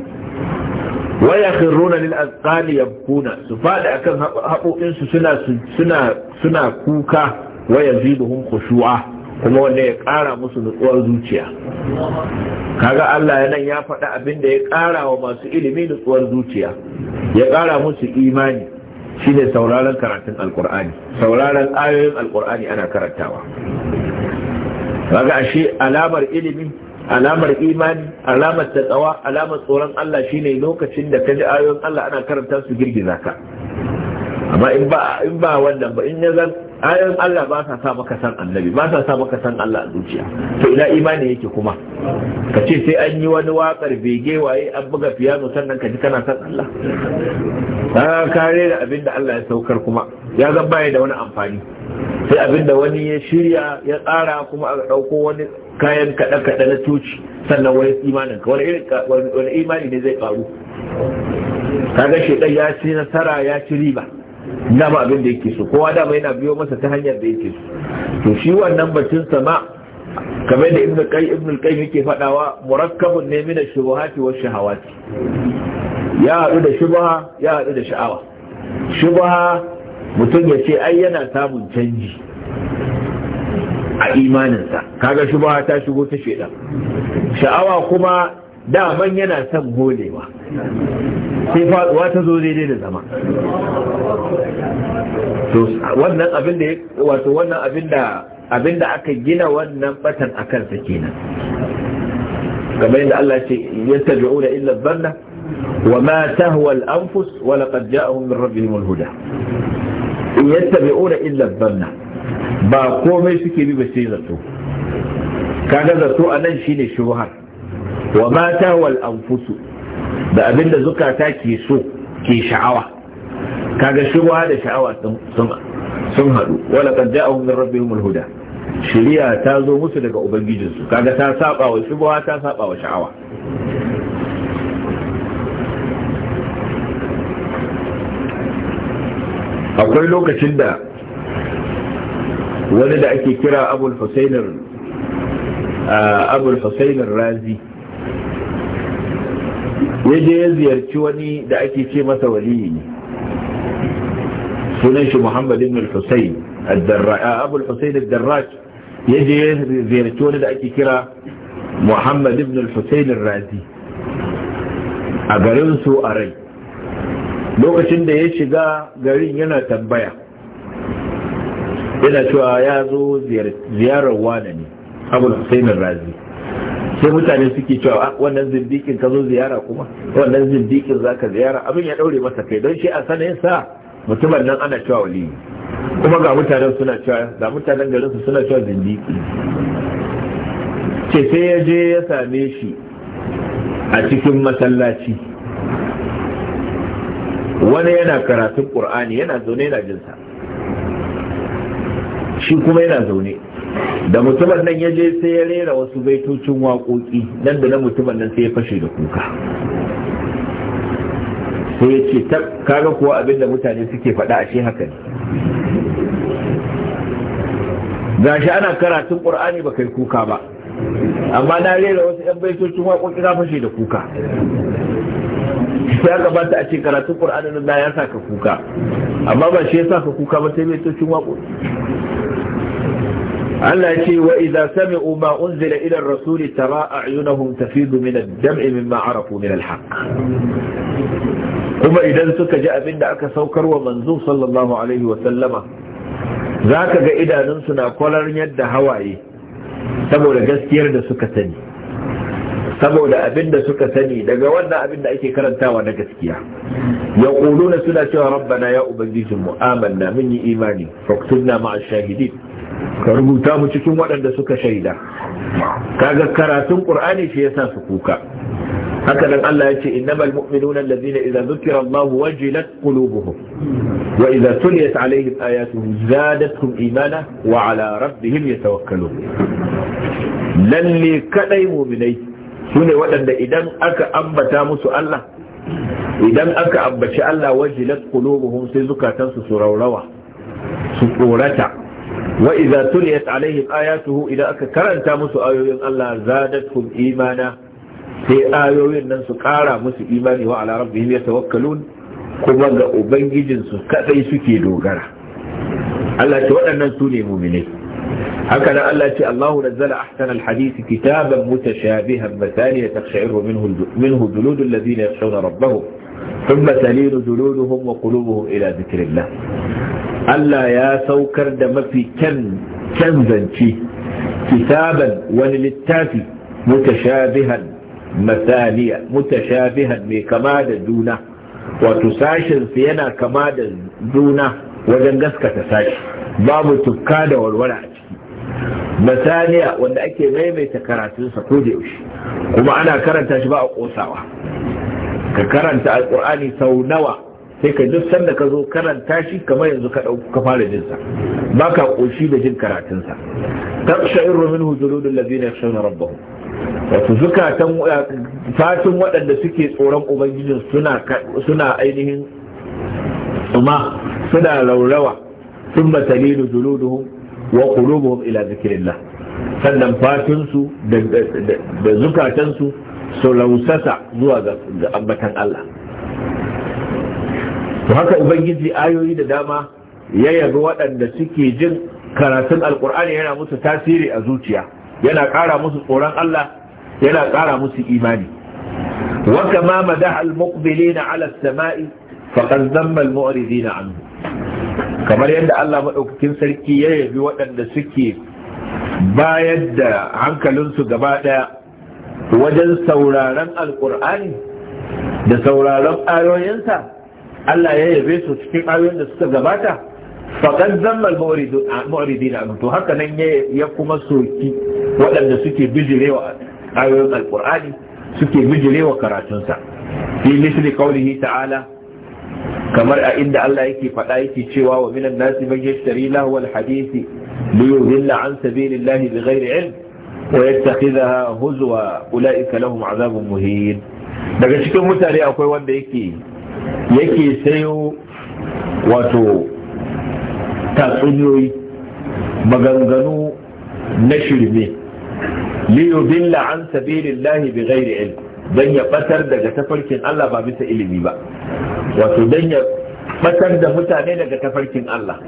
waya khirruna lil azqali yabkuna su fada akan haƙoƙin su suna suna suna kuka wa yaziduhum khushu'a kuma wanda ya ƙara musu nutsuwar zuciya kaga Allah nan ya faɗa abin da ya ƙara wa masu ilimi nutsuwar zuciya ya ƙara musu imani shine sauraron karatun alkur'ani sauraron ayoyin alkur'ani ana karantawa kaga ashe alamar ilimi alamar imani alamar tsawa alamar tsoron Allah shine lokacin da kaji ayoyin Allah ana karanta su girgiza ka amma in ba in ba wannan ba in ya zan ayoyin Allah ba sa sa maka san annabi ba sa sa maka san Allah a zuciya to ina imani yake kuma ka ce sai an yi wani wakar bege waye an buga fiyano sannan ka ji kana san Allah ka kare da abin da Allah ya saukar kuma ya zan baya da wani amfani sai abin da wani ya shirya ya tsara kuma a ɗauko wani kayan kaɗe-kaɗe na coci sannan wani imanin ka wani imani ne zai faru kaga shekai ya ci nasara ya ci riba dama abin da yake so kowa dama yana biyo masa ta hanyar da yake so to shi wannan batun sama kamar da ibnu qayyim ibnu qayyim yake fadawa murakkabun ne min ash-shubuhati wash-shahawati ya haɗu da shubha ya haɗu da sha'awa shubha mutum ya ce ai yana samun canji a imaninsa kaga shubha ta shigo ta shaidan sha'awa kuma daman yana son holewa sai faɗuwa ta zo daidai da zama to wannan abin da wato wannan abin da abin da aka gina wannan batan akan sa kenan kamar yadda Allah ce yastabi'una illa zanna. وما تهوى الأنفس ولقد جاءهم من ربهم الهدى إن يتبعون إلا الظن باقو ما يسكي ببسي ذاته كان ذاته أنا شين الشبهات وما تهوى الأنفس بأبن ذكا تاكي سوء كي شعوة كان الشبه هذا شعوة سنهدو ولقد جاءهم من ربهم الهدى شريعة تازو مسلك أبنجي جنسو كان تاسابا وشبهات تاسابا وشعوة akwai lokacin da wani da ake kira abul husainar uh, abul razi ya je ya ziyarci wani da ake ce masa waliyi sunan shi muhammad ibn al-husayn uh, abul husayn al-darraj ya je ya ziyarci wani da ake kira muhammad ibn al-husayn al-razi a garinsu a rai lokacin da ya shiga garin yana tambaya yana cewa ya zo ziyarar wane ne abu husainin razi sai mutane suke cewa ah, wannan zindikin ka zo ziyara kuma wannan zindikin za ka ziyara abin ya daure masa kai don shi a sanayin sa mutumin nan ana cewa wali kuma ga mutanen suna cewa ga mutanen garin su suna cewa zindiki ce sai ya je ya same shi a cikin masallaci wani yana karatun qur'ani yana zaune yana jin sa shi kuma yana zaune da mutumin nan ya je sai ya rera wasu baitocin waƙoƙi nan da na mutumin nan sai ya fashe da kuka sai ya ce kaga kuwa abinda mutane suke faɗa a shi haka ne gashi ana karatun ƙur'ani ba kai kuka ba amma na rera wasu 'yan baitocin waƙoƙi na fashe da kuka ya gabata a ce karatun qur'anin na ya saka kuka amma ba shi ya saka kuka ba sai mai tocin waƙo Allah ce wa idza sami'u ma unzila ila ar-rasul tara a'yunuhum tafidu min ad-dam'i mimma arafu min al-haqq kuma idan suka ji abin da aka saukar wa manzo sallallahu alaihi wa sallama zaka ga idanunsu na kwalar yadda hawaye saboda gaskiyar da suka sani saboda abin da suka sani daga wannan abin da ake karantawa na gaskiya ya na suna cewa rabbana ya ubangijin mu amanna mun yi imani faktubna ma'a shahidin ka rubuta mu cikin waɗanda suka shaida kaga karatun qur'ani shi yasa su kuka haka nan Allah ya ce innamal mu'minuna allazina idza dhukira Allah wajilat qulubuhum wa idza tuliyat alaihim ayatuhu zadatuhum imana wa ala rabbihim yatawakkalun lalle kadai mu'minai su ne waɗanda idan aka ambata musu Allah idan aka ambaci Allah wajilat qulubuhum sai zukatansu su raurawa su tsorata wa idza tuliyat alaihim ayatuhu idan aka karanta musu ayoyin Allah zadatkum imana sai ayoyin nan su ƙara musu imani wa ala rabbihim yatawakkalun kuma ga ubangijinsu kadai suke dogara Allah ce waɗannan su ne mu'minai هكذا ألا يأتي الله نزل أحسن الحديث كتابا متشابها مثانية تقشعر منه منه جلود الذين يخشون ربهم ثم تلين جلودهم وقلوبهم إلى ذكر الله ألا يا سوكر دم في كن كنزا كتابا وللتافي متشابها مثانية متشابها من كما دونه وتساشر فينا كما دونه وجنجسك تساش باب تكاد والولع masaniya wanda ake maimaita karatunsa ko da yaushe kuma ana karanta shi ba a kosawa ka karanta alkur'ani sau nawa sai ka duk sanda ka zo karanta shi kamar yanzu ka dauko ka fara jinsa ba ka koshi da jin karatunsa taqsha'iru minhu juludul ladina yakhshawna rabbahum wato zukatan eh, fatin waɗanda suke tsoron ubangijin suna suna ainihin kuma suna laurawa sun batalinu juluduhum wa qulubuhum ila zikrillah sannan fatunsu da zukatansu su lausasa zuwa ga ambatan Allah to haka ubangiji ayoyi da dama ya yabi waɗanda suke jin karatun alkur'ani yana musu tasiri a zuciya yana ƙara musu tsoron Allah yana ƙara musu imani wa kama madah al-muqbilina ala samai faqad dhamma al-mu'ridina anhu kamar yadda Allah maɗaukakin sarki ya yabi waɗanda suke bayar da hankalinsu gaba ɗaya wajen sauraron alƙur'ani da sauraron ayoyinsa Allah ya yabe su cikin ayoyin da suka gabata faƙan zammal ma'uridi na to haka nan ya kuma soki waɗanda suke bijirewa ayoyin alƙur'ani suke bijirewa karatunsa fi misli kaulihi ta'ala kamar a inda Allah yake faɗa yake cewa wa minan nasi man yashtari lahu al-hadisi li yudilla an sabilillahi bighairi ilm wa yattakhidha huzwa ulaika lahum azabun muhin daga cikin mutane akwai wanda yake yake sayo wato tatsuniyoyi maganganu na shirme li yudilla an sabilillahi bighairi ilm don ya batar daga tafarkin Allah ba bisa ilimi ba wato don ya batar da mutane daga tafarkin Allah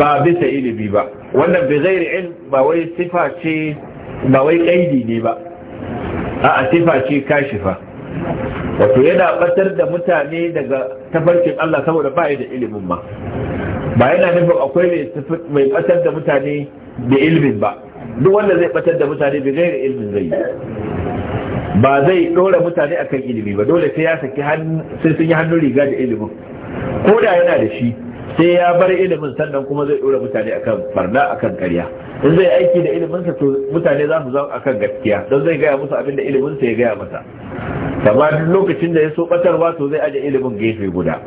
ba bisa ilimi ba wannan bai zai ilm ba wai sifa ce ba wai kaidi ne ba a sifa ce kashifa wato yana batar da mutane daga tafarkin Allah saboda ba da ilimin ma ba yana nufin akwai mai batar da mutane da ilimin ba duk wanda zai batar da mutane bai zai ilimin zai ba zai ɗora mutane akan ilimi ba dole sai ya saki sai sun yi hannun riga da ilimin ko da yana da shi sai ya bar ilimin sannan kuma zai ɗora mutane akan barna akan ƙarya in zai aiki da iliminsa to mutane za su zama akan gaskiya don zai gaya musu abin da iliminsa ya gaya masa amma duk lokacin da ya so batarwa to zai aje ilimin gefe guda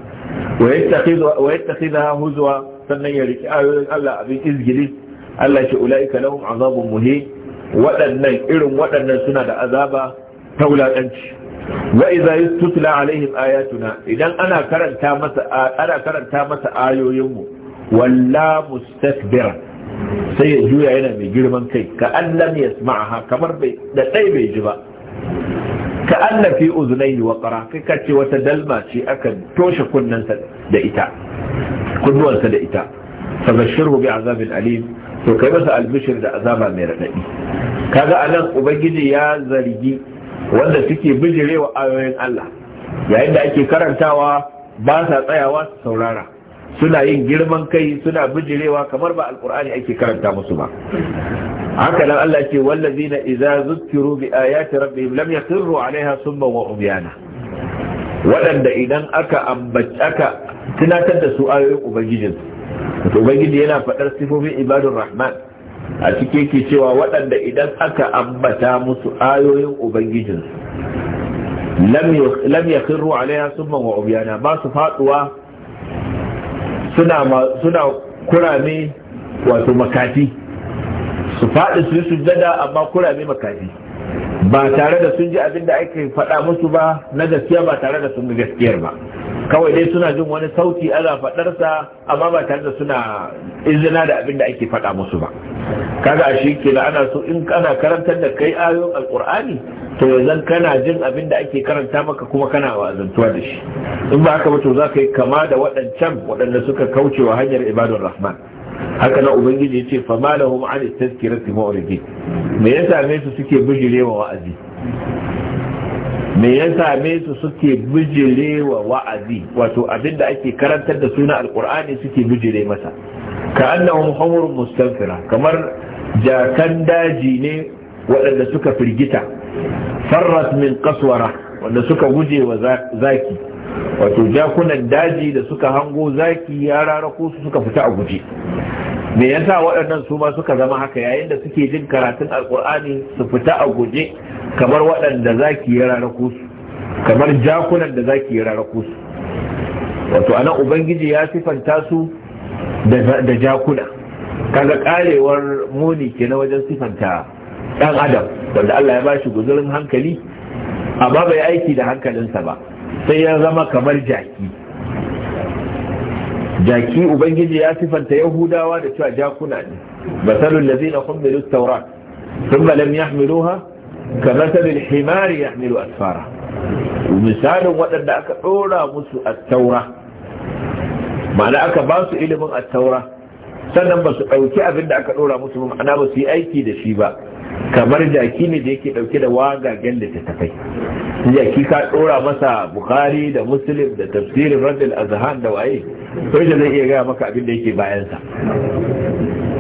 wa yattakhidha huzwa sannan ya riki ayoyin Allah abin izgili Allah ya ce ulaika lahum azabun muhi waɗannan irin waɗannan suna da azaba ta wulaƙanci wa idza yutla alaihim ayatuna idan ana karanta masa ana karanta masa ayoyinmu walla mustakbira sai ya juya yana mai girman kai ka allam yasma'aha kamar bai da dai bai ji ba ka anna fi uzunaihi wa qara kai ka ce wata dalma ce aka toshe kunnansa da ita kunnuwansa da ita bi azabin alim to kai masa albishir da azaba mai radadi kaga anan ubangiji ya zargi wanda suke bijirewa ayoyin Allah yayin da ake karantawa ba sa tsayawa su saurara suna yin girman kai suna bijirewa kamar ba alkur'ani ake karanta musu ba haka nan Allah ce wallazina idza zukkiru bi ayati rabbihim lam yakhiru alaiha summa wa ubyana waɗanda idan aka ambaci aka tunatar da su ayoyin ubangijin ubangiji yana faɗar sifofin ibadur rahman a cikin ke cewa waɗanda idan aka ambata musu ayoyin ubangijinsu lam ya kirru alaiha summan wa obiyana ba su faɗuwa suna kurame wato makafi, su faɗi su yi sujjada amma kurame makafi. ba tare da sun ji abin da ake faɗa musu ba na gaskiya ba tare da sun ga gaskiyar ba kawai dai suna jin wani sauti ana faɗarsa amma ba tare da suna izina da abin da ake faɗa musu ba kaga a shi ke ana so in kana karantar da kai ayoyin alkur'ani to yanzu kana jin abin da ake karanta maka kuma kana wa'azantuwa da shi in ba haka ba to za ka yi kama da waɗancan waɗanda suka kauce wa hanyar ibadun rahman haka na ubangiji yace fa malahum an tazkirati mu'ridi me ya same su suke bijirewa wa'azi me ya same su suke bijirewa wa'azi wato abinda ake karantar da suna alqur'ani suke bijire masa ka annahum humurun mustanfira kamar jakan daji ne waɗanda suka firgita farrat min kaswara wanda suka guje wa zaki wato jakunan daji da suka hango zaki ya rarako su suka fita a guje me yasa waɗannan su ma suka zama haka yayin da suke jin karatun alkur'ani su fita a guje kamar waɗanda zaki ya rarako su kamar jakunan da zaki ya rarako su wato anan ubangiji ya sifanta su da jakuna kaga karewar muni ke na wajen sifanta dan adam wanda Allah ya bashi guzurin hankali amma bai aiki da hankalinsa ba sai ya zama kamar jaki jaki ubangiji ya sifanta yahudawa da cewa jakuna ne masalul ladina humilu tawrat thumma lam yahmiluha kamasalil himari yahmilu asfara misalin waɗanda aka ɗora musu a taura ma'ana aka ba su ilimin a taura sannan ba su ɗauki abin da aka ɗora musu ma'ana ba su yi aiki da shi ba kamar jaki ne da yake dauke da wagagen da ta tafai jaki ka dora masa bukhari da muslim da tafsirin radul azhan da waye to da zai iya gaya maka abin da yake bayan sa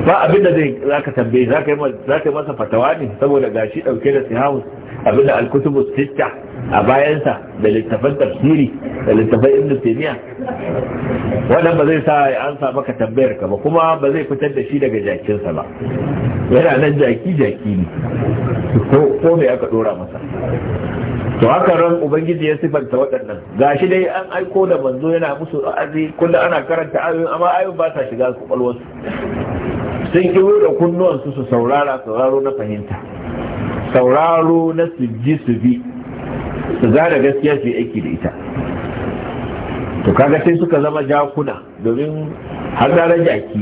ba abin da zai zaka tambaye zaka yi masa fatawa ne saboda gashi dauke da sihawus abin da al-kutubu sitta a bayansa da littafan tafsiri da littafin ibn taymiya wannan ba zai sa ya ansa maka tambayar ka ba kuma ba zai fitar da shi daga jakinsa ba yana nan jaki jaki ne ko me aka dora masa to haka ran ubangiji ya sifanta waɗannan gashi dai an aiko da manzo yana musu azi kullum ana karanta ayoyin amma ayoyin ba sa shiga su kwakwalwarsu sun ki da kunnuwansu su saurara sauraro na fahimta sauraro na su ji su bi su gane gaskiya su yi aiki da ita to kaga sai suka zama jakuna domin har da rage aiki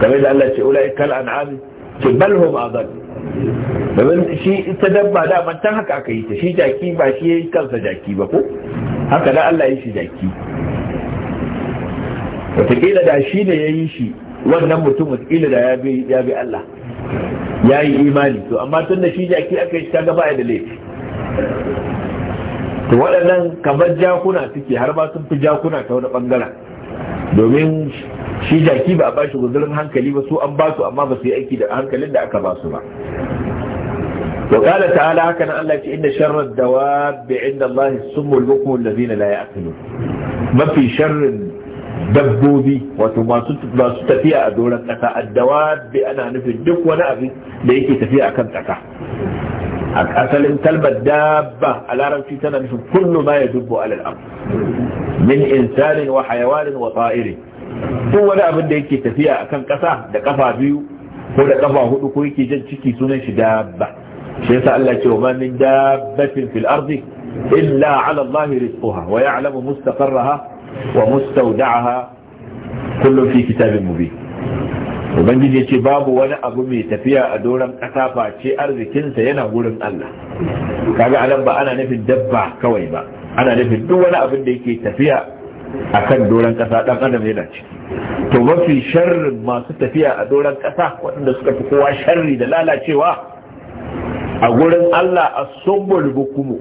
kamar da Allah ce ulai kal an'am ce bal hum adal domin shi ita dabba da man tan haka aka yi ta shi jaki ba shi yayi kansa jaki ba ko haka da Allah ya shi jaki wataƙila da shi ne ya yi shi wannan mutum wataƙila da ya bi Allah ya yi imani to amma tun da shi jaki aka yi ta gaba da laifi to waɗannan kamar jakuna suke har ba sun fi jakuna ta wani bangare domin shi jaki ba a ba shi guzurin hankali ba su an ba su amma ba su yi aiki da hankalin da aka ba su ba wa ta'ala haka na Allah ce inna sharrad dawab inda Allah sumul bukum allazina la ya'qilun mafi sharrin dabbobi wato masu tafiya a doron kasa addawa bi ana nufin duk wani abin da yake tafiya a kan kasa الحسن ان تلب الدابة على رمشي تنمشه كل ما يدب على الأرض من إنسان وحيوان وطائر هو لا أبدا يكي تفيا أكن كسا دا بيو هو دا كفا هدو كويكي جد شكي سنش دابة شيء ألا لك ما من دابة في الأرض إلا على الله رزقها ويعلم مستقرها ومستودعها كل في كتاب مبين ubangiji ce babu wani abu mai tafiya a doron ƙasa face arzikinsa yana wurin Allah kaga anan ba ana nufin dabba kawai ba ana nufin duk wani abin da yake tafiya a kan doron ƙasa ɗan adam yana ciki. to mafi sharrin masu tafiya a doron ƙasa waɗanda suka fi kowa sharri da lalacewa a gurin Allah a sobol bukumu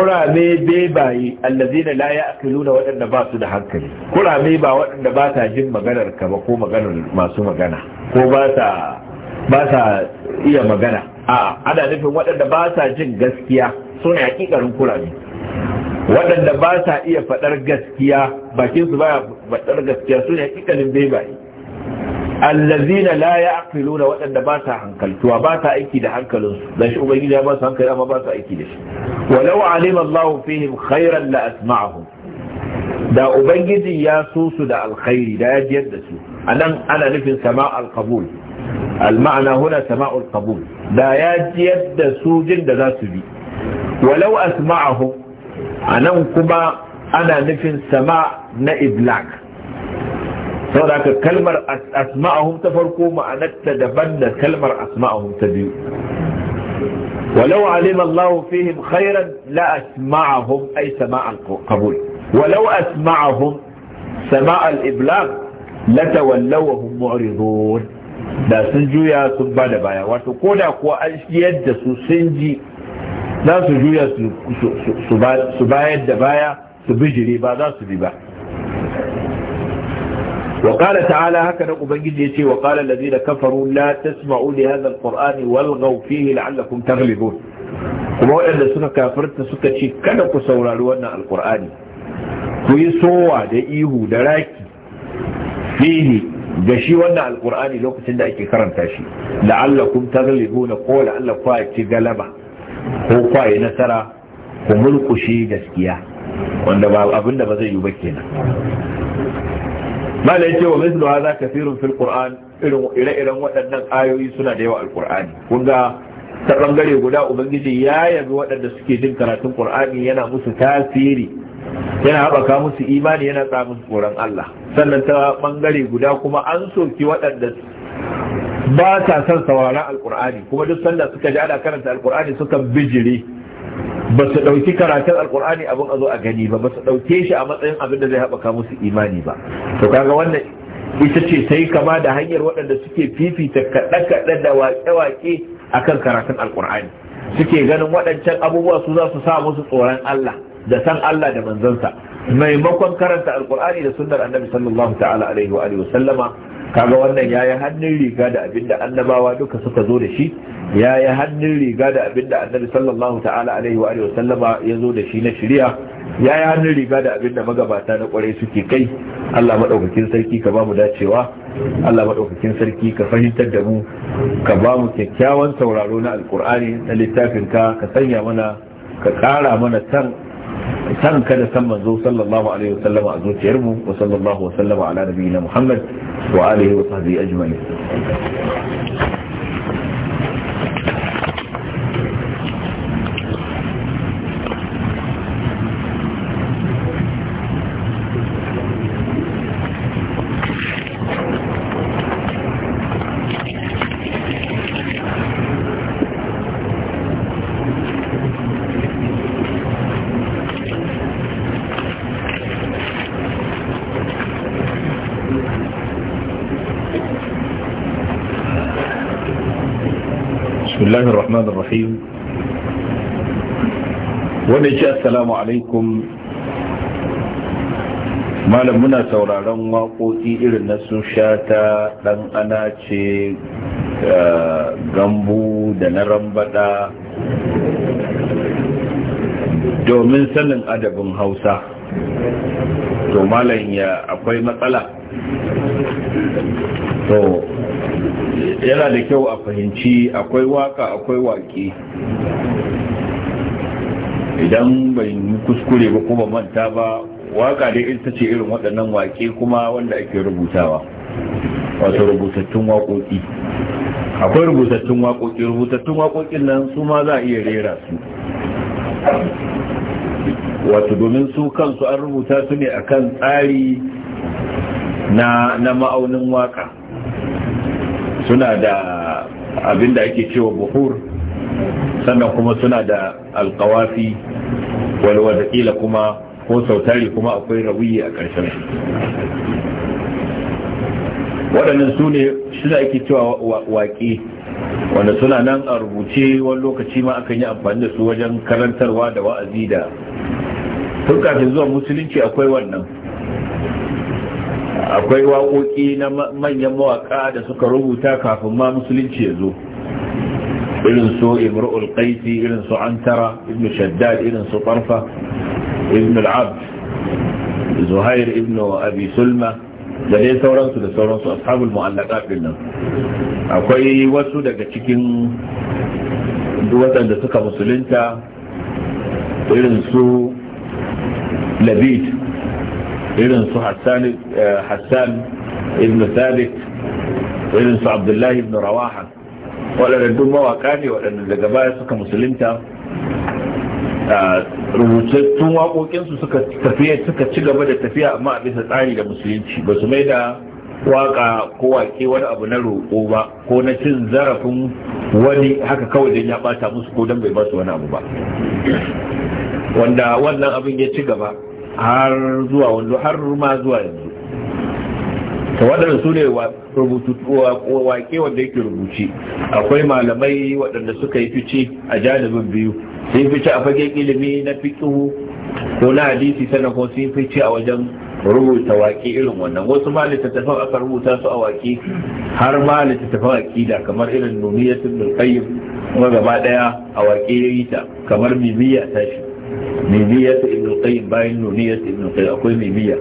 kurame bebaye allazina la ya'kuluna waɗanda ba su da hankali kurame ba waɗanda ba sa jin maganar ka ba ko maganar masu magana ko ba sa ba ta iya magana a ana nufin waɗanda ba sa jin gaskiya suna hakikarin kurame waɗanda ba sa iya faɗar gaskiya bakin su baya faɗar gaskiya suna hakikarin bebaye allazina la ya'qiluna waɗanda ba ta hankaltuwa ba ta aiki da hankalin su dan shi ubangiji ya ba su hankali amma ba su aiki da shi walau alima Allahu fihim khairan la asma'ahum da ubangiji ya so su da alkhairi da ya jiyar da su anan ana nufin sama alqabul alma'ana huna sama alqabul da ya jiyar da su jin da za su bi walau asma'ahum anan kuma ana nufin sama na iblak saboda haka kalmar asma'ahum ta farko ma'anarta daban da kalmar asma'ahum ta biyu ولو علم الله فيهم خيرا لأسمعهم أي سماع القبول ولو أسمعهم سماع الإبلاغ لتولوهم معرضون da sun juya sun ba da baya wato ko da kuwa an shiyar da su sun ji za su juya su bayar da baya su bijiri ba za su bi ba wa ta'ala haka na ubangiji yace wa qala da kafaru la tasma'u li hadha alqur'ani walghaw fihi la'allakum taghlibun kuma waɗanda suka kafirta suka ce kada ku saurari wannan alqur'ani ku yi sowa da ihu da raki fihi gashi shi wannan alqur'ani lokacin da ake karanta shi la'allakum taghlibuna ko la'allakum galaba ko kwa nasara ku mulkushi gaskiya wanda ba abinda ba zai yiwu ba kenan mala yace wa mislu hadha kathirun fil qur'an irin ire-iren waɗannan ayoyi suna da yawa alqur'ani kun ga ta bangare guda ubangiji ya yabi waɗanda suke jin karatun qur'ani yana musu tasiri yana haɓaka musu imani yana sa musu tsoron Allah sannan ta bangare guda kuma an soki waɗanda ba sa son sauraron alkur'ani kuma duk sanda suka ji ana karanta alkur'ani suka bijire ba su ɗauki karatun alkur'ani abin a zo a gani ba ba su ɗauke shi a matsayin abin da zai haɓaka musu imani ba to kaga wannan ita ce ta yi kama da hanyar waɗanda suke fifita kaɗe-kaɗe da waƙe-waƙe akan karatun alkur'ani suke ganin waɗancan abubuwa su za su sa musu tsoron allah da san Allah da manzansa maimakon karanta alkur'ani da sunnar annabi sallallahu ta'ala alaihi wa alihi sallama kaga wannan yayi hannun riga da abinda annabawa duka suka zo da shi yayi hannun riga da abinda annabi sallallahu ta'ala alaihi wa alihi sallama ya zo da shi na shari'a yayi hannun riga da abinda magabata na kwarai suke kai Allah madaukakin sarki ka bamu dacewa Allah madaukakin sarki ka fahimtar da mu ka bamu kyakkyawan sauraro na alkur'ani na littafin ka ka sanya mana ka kara mana san ختام كده الزو صلى الله عليه وسلم وأزوج يرمو وصلى الله وسلم على نبينا محمد وآله وصحبه أجمعين wannan shi assalamu alaikum malam muna sauraron waƙoƙi irin na sun sha ta ɗan ana ce gambu da na rambaɗa domin sanin adabin hausa to malam ya akwai matsala to yana da kyau a fahimci akwai waka akwai waƙi idan bai yi kuskure ba ko ba manta ba waka dai ita ce irin waɗannan waƙe kuma wanda ake rubutawa wato rubutattun waƙoƙi akwai rubutattun waƙoƙi rubutattun waƙoƙin nan su ma za a iya rera su wato domin su kansu an rubuta su ne kan tsari na na ma'aunin waka suna da abin da ake cewa buhur sannan kuma suna da alkawafi kila kuma ko sautari kuma akwai rawiyi a ƙarshen shi. waɗannan su ne suna ake cewa waƙe wanda suna nan a rubuce wani lokaci ma akan yi amfani da su wajen karantarwa da wa'azi da tun kafin zuwa musulunci akwai wannan akwai waƙoƙi na manyan mawaƙa da suka rubuta kafin ma musulunci ya zo irin su imru'ul qaisi irin su antara ibn shaddad irin su tarfa ibn al-abd zuhair ibn abi sulma da sauransu da sauransu ashabul mu'allaqat din nan akwai wasu daga cikin waɗanda suka musulunta irin su labid irin su hassan eh, ibn thabit irin su abdullahi ibn rawaha waɗannan mawaka ne waɗanda daga baya suka musulunta rubutattun waƙoƙinsu suka tafiya suka ci gaba da tafiya amma a bisa tsari da musulunci ba su mai da waƙa ko waƙe wani abu na roƙo ba ko na cin zarafin wani haka kawai don ya ɓata musu ko don bai ba su wani abu ba wanda wannan abin ya ci gaba har zuwa wanzu har ma zuwa yanzu ta waɗanda su ne wake wanda yake rubuci akwai malamai waɗanda suka yi fice a janibin biyu sun fice a fagen ilimi na fiƙihu ko na hadisi sannan ko sun fice a wajen rubuta waƙe irin wannan wasu ma littattafan aka rubuta su a waƙe har ma littattafan akida kamar irin numiyatun nulƙayyim kuma gaba ɗaya a waƙe ya yi ta kamar mimiya ta shi mimiyatu ibn qayyim bayan nuniyatu ibn qayyim akwai mimiya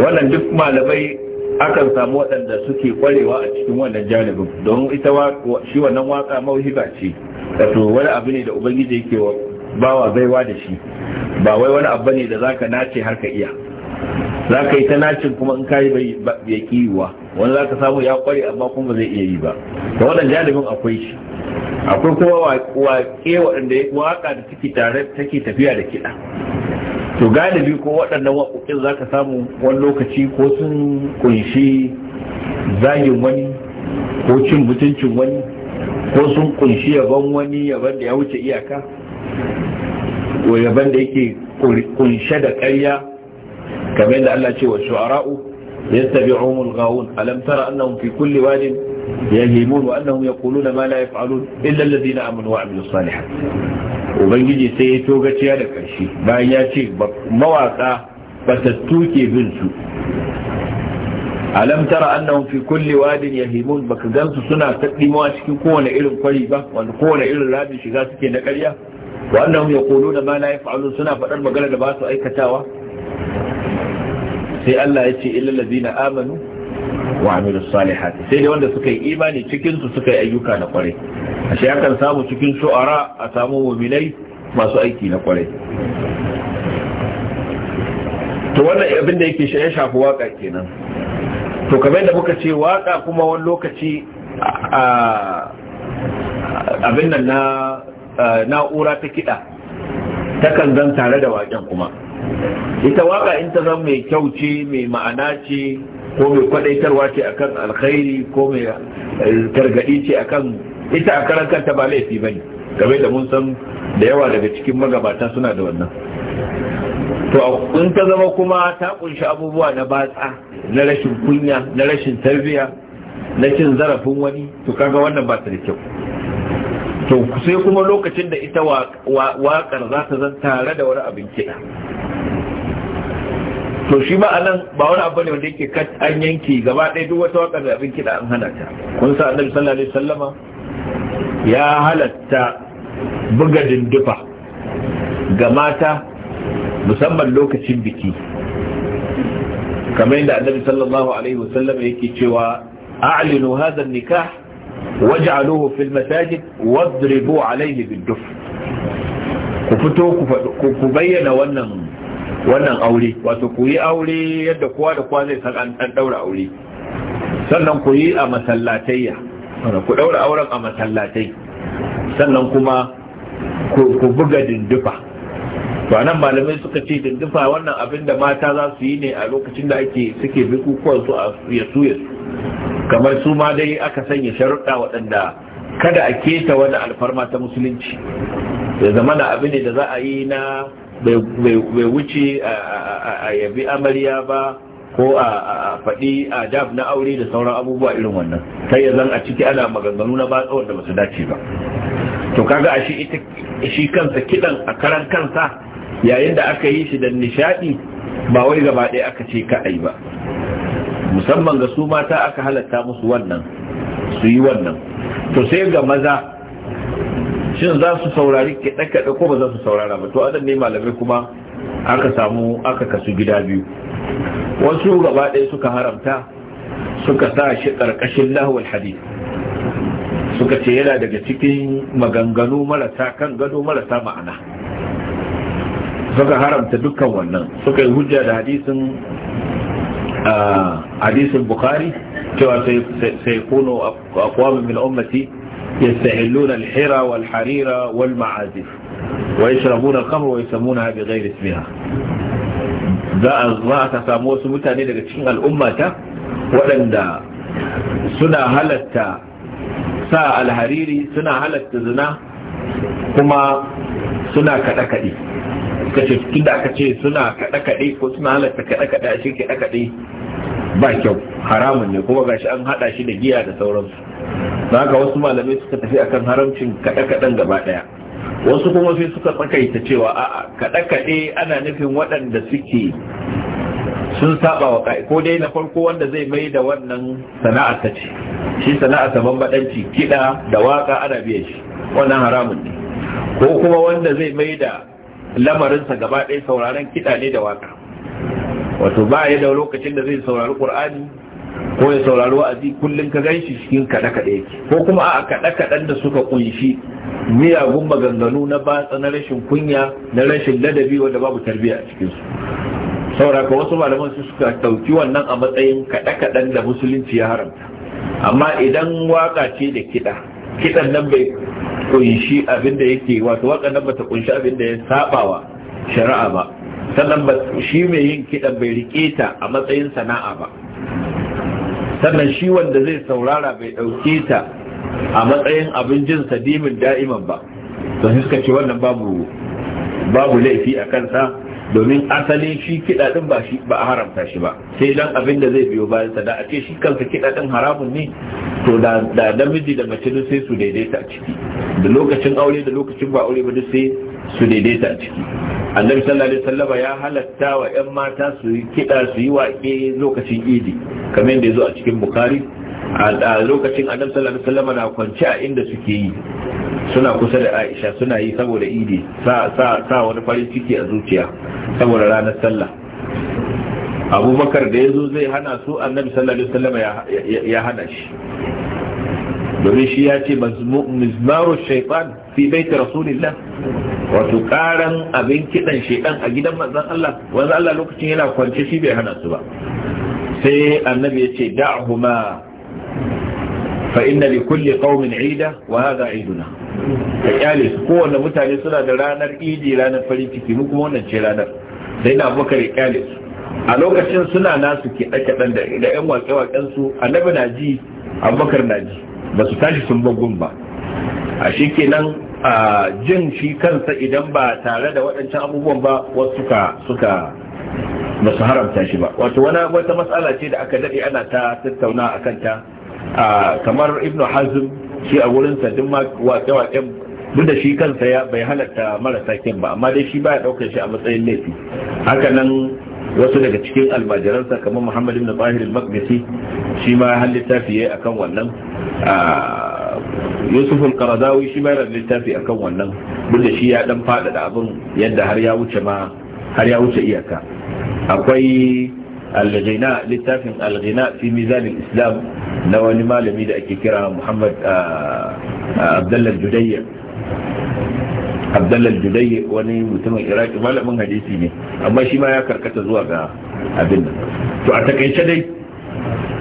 wannan duk malamai akan samu waɗanda suke kwarewa a cikin wannan janibin domin ita shi wannan waka mauhiba ce wato wani abu ne da ubangiji yake bawa baiwa da shi ba wai wani abu ne da zaka nace har ka iya za ka yi ta nacin kuma in kayi bai ya kiwa wani za ka samu ya kware amma kuma ba zai iya yi ba da wannan janibin akwai shi akwai kuma waƙe waɗanda ya waka da take tare take tafiya da kiɗa to galibi ko waɗannan waƙoƙin za ka samu wani lokaci ko sun kunshi zagin wani ko cin mutuncin wani ko sun kunshi yaban wani yaban da ya wuce iyaka ko yaban da yake kunshe da ƙarya kamar yadda Allah ce wa shu'ara'u yattabi'uhum al-ghawun alam tara annahum fi kulli wadin yahimun wa annahum yaquluna ma la yaf'alun illa alladhina amanu wa amilus salihat ubangiji sai ya togaciya da ƙarshe bayan ya ce mawaƙa batattu ke bin su alam tara annahum fi kulli wadin yahimun baka gansu suna taddimawa cikin kowane irin kwari ba wanda kowane irin rabin shiga suke na ƙarya wa annahum yaquluna ma la yaf'alun suna faɗar magana da ba su aikatawa sai Allah ya ce illal ladina amanu wa amilus salihati sai dai wanda suka yi imani cikin su suka yi ayyuka na kwarai ashe akan samu cikin shu'ara a samu mu'minai masu aiki na kwarai to wannan abin da yake ya shafi waka kenan to kamar yadda muka ce waka kuma wani lokaci abin nan na na'ura ta kiɗa takan zan tare da waken kuma ita waka in ta zan mai kyau ce mai ma'ana ce ko mai kwadaitarwa ce akan alkhairi ko mai targadi eh, ce akan ita a karan kanta ba laifi bane game da mun san da yawa daga cikin magabata suna da wannan to in ta zama kuma ta kunshi abubuwa na batsa na rashin kunya na rashin tarbiya na cin zarafin wani to kaga wannan ba ta da kyau to sai kuma lokacin da ita waƙar za ta zan tare da wani abin kiɗa to shi ba anan ba wani abu ne wanda yake an yanki gaba ɗaya duk wata waƙar da abin kiɗa an hana ta kun sa annabi sallallahu alaihi wasallama ya halatta buga dindufa ga mata musamman lokacin biki kamar yadda annabi sallallahu alaihi wasallam yake cewa a'linu hadha an-nikah waj'aluhu fil masajid wadribu alayhi bid ku fito ku bayyana wannan wannan aure wato ku yi aure yadda kowa da kowa zai san an daura aure sannan ku yi a masallatayya ku ɗaura auren a masallatai sannan kuma ku buga dindufa to nan malamai suka ce dindufa wannan abin da mata za su yi ne a lokacin da ake suke bukukuwan su a yasu yasu kamar su ma dai aka sanya sharuɗa waɗanda kada a keta wani alfarma ta musulunci ya zama na abin da za a yi na bai wuce a yabi amarya ba ko a faɗi a jab na aure da sauran abubuwa irin wannan sai ya zan a ciki ana maganganu na batsa wanda ba su dace ba to kaga a shi ita shi kansa kidan a karan kansa yayin da aka yi shi da nishadi ba wai gaba ɗaya aka ce ka ai ba musamman ga su mata aka halatta musu wannan su yi wannan to sai ga maza shin za su saurari kiɗa kiɗe ko ba za su saurara ba to adan ne malamai kuma aka samu aka kasu gida biyu wasu gaba ɗaya suka haramta suka sa shi ƙarƙashin lahawar hadith suka ce yana daga cikin maganganu marasa kan gado marasa ma'ana suka haramta dukkan wannan suka yi hujja da hadisin hadisin bukari cewa sai kuno akwamin kwamin mil'ummati yastahilluna al-hira wal harira wal wa yashrabuna al-khamra wa yasamuna bi ghairi za a za ka samu wasu mutane daga cikin al'ummata waɗanda suna halatta sa alhariri suna halatta zina kuma suna kaɗe-kaɗe suka ce da aka ce suna kaɗe-kaɗe ko suna halatta kaɗe-kaɗe a cikin kaɗe-kaɗe ba kyau haramun ne kuma gashi an haɗa shi da giya da sauransu za ka wasu malamai suka tafi akan haramcin kaɗe-kaɗen gaba ɗaya wasu kuma sai suka tsakaita cewa a kaɗe-kaɗe ana nufin waɗanda suke sun saba wa ka'i ko dai na farko wanda zai mai da wannan sana'a ta ce shi sana'a ta bambadanci kiɗa da waka ana biya shi wannan haramun ne ko kuma wanda zai mai da lamarinsa gaba ɗaya sauraron kiɗa ne da waka wato ba ya da lokacin da zai saurari ƙur'ani ko ya saurari wa'azi kullum ka gan shi cikin kaɗe-kaɗe ko kuma a kaɗe-kaɗen da suka kunshi miyagun maganganu na batsa na rashin kunya na rashin ladabi wanda babu tarbiyya a cikinsu sauraka wasu malaman su suka ɗauki wannan a matsayin kaɗe-kaɗen da musulunci ya haramta amma idan waka ce da kiɗa kiɗan nan bai kunshi abin da yake wato waka nan bata kunshi abin da ya wa shari'a ba sannan shi mai yin kiɗan bai riƙe ta a matsayin sana'a ba sannan shi wanda zai saurara bai ɗauke ta a matsayin abin jin sadimin da'iman ba to suka ce wannan babu babu laifi a kansa domin asali shi kiɗa ba shi ba haramta shi ba sai dan abin da zai biyo bayan da a ce shi kansa kiɗa ɗin haramun ne to da namiji da mace sai su daidaita a ciki da lokacin aure da lokacin ba aure ba duk sai su daidaita a ciki annabi sallallahu alaihi wasallam ya halatta wa ƴan mata su yi kiɗa su yi waƙe lokacin idi kamar yadda ya zo a cikin bukari a lokacin annabi sallallahu alaihi wasallam na kwance a inda suke yi suna kusa da aisha suna yi saboda idi sa wani farin ciki a zuciya saboda ranar sallah abubakar da ya zo zai hana su annabi sallallahu alaihi wasallam ya hana shi domin shi ya ce mizmaru shaitan fi baiti rasulillah wato karan abin kiɗan shaitan a gidan manzan Allah wanzan Allah lokacin yana kwance shi bai hana su ba sai annabi ya ce da'huma fa inna li kulli qaumin 'ida wa hadha 'iduna ka kyale su kowanne mutane suna da ranar idi ranar farin ciki mu kuma wannan ce ranar sai na abubakar ya kyale su a lokacin suna nasu kiɗa-kiɗan da 'yan waƙe-waƙen su annabi na ji abubakar na ji ba su tashi sun bugun ba a shi kenan a jin shi kansa idan ba tare da waɗancan abubuwan ba wasu suka suka ba su haramta shi ba wato wani wata matsala ce da aka daɗe ana ta tattauna a kanta kamar ibnu hazm shi a wurin duk ma watsen duk da shi kansa ya bai halatta marasa kyan ba amma dai shi baya ɗaukar shi a matsayin laifi haka nan wasu daga cikin almajiransa kamar muhammad ibn tahir al-maqdisi shi ma har littafi yayi akan wannan yusuf al-qaradawi shi ma yana littafi akan wannan duk da shi ya dan faɗaɗa abin yadda har ya wuce ma har ya wuce iyaka akwai al-ghina littafin al-ghina fi mizan al-islam na wani malami da ake kira muhammad abdullah judayya abdullal judai wani mutumin iraki malamin hadisi ne amma shi ma ya karkata zuwa ga abin nan to a takaice dai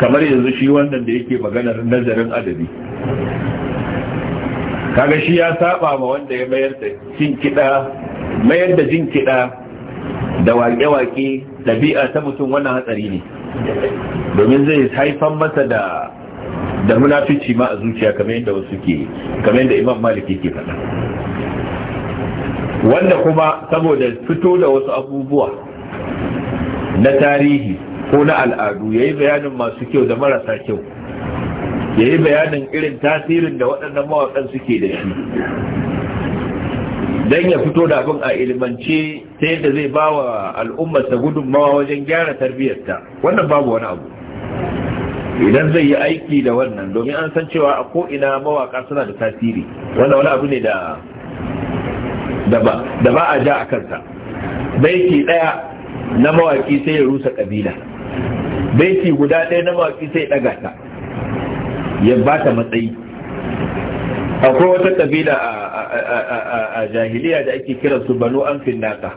kamar yanzu shi wannan da yake maganar nazarin adabi kaga shi ya saba ma wanda ya mayar da jin kida, mayar da jin kida da waƙe-waƙe ɗabi'a ta mutum wannan hatsari ne domin zai haifan masa da da munafici ma a zuciya kamar yadda wasu ke kamar yadda imam malik yake faɗa wanda kuma saboda fito da wasu abubuwa na tarihi ko na al'adu ya yi bayanin masu kyau da marasa kyau ya yi bayanin irin tasirin da waɗannan mawakan suke da shi don ya fito da abin a ilimance ta yadda zai ba wa al'ummarsa gudunmawa wajen gyara tarbiyyarta wannan babu wani abu idan zai yi aiki da wannan domin an san cewa a ko'ina mawaka suna da tasiri wannan wani abu ne da da ba a ja a kansa baiti daya na mawaki sai ya rusa kabila baiti guda daya na mawaki sai daga ta ya ba ta matsayi akwai wata kabila a jahiliya da ake kira su banu amfin naka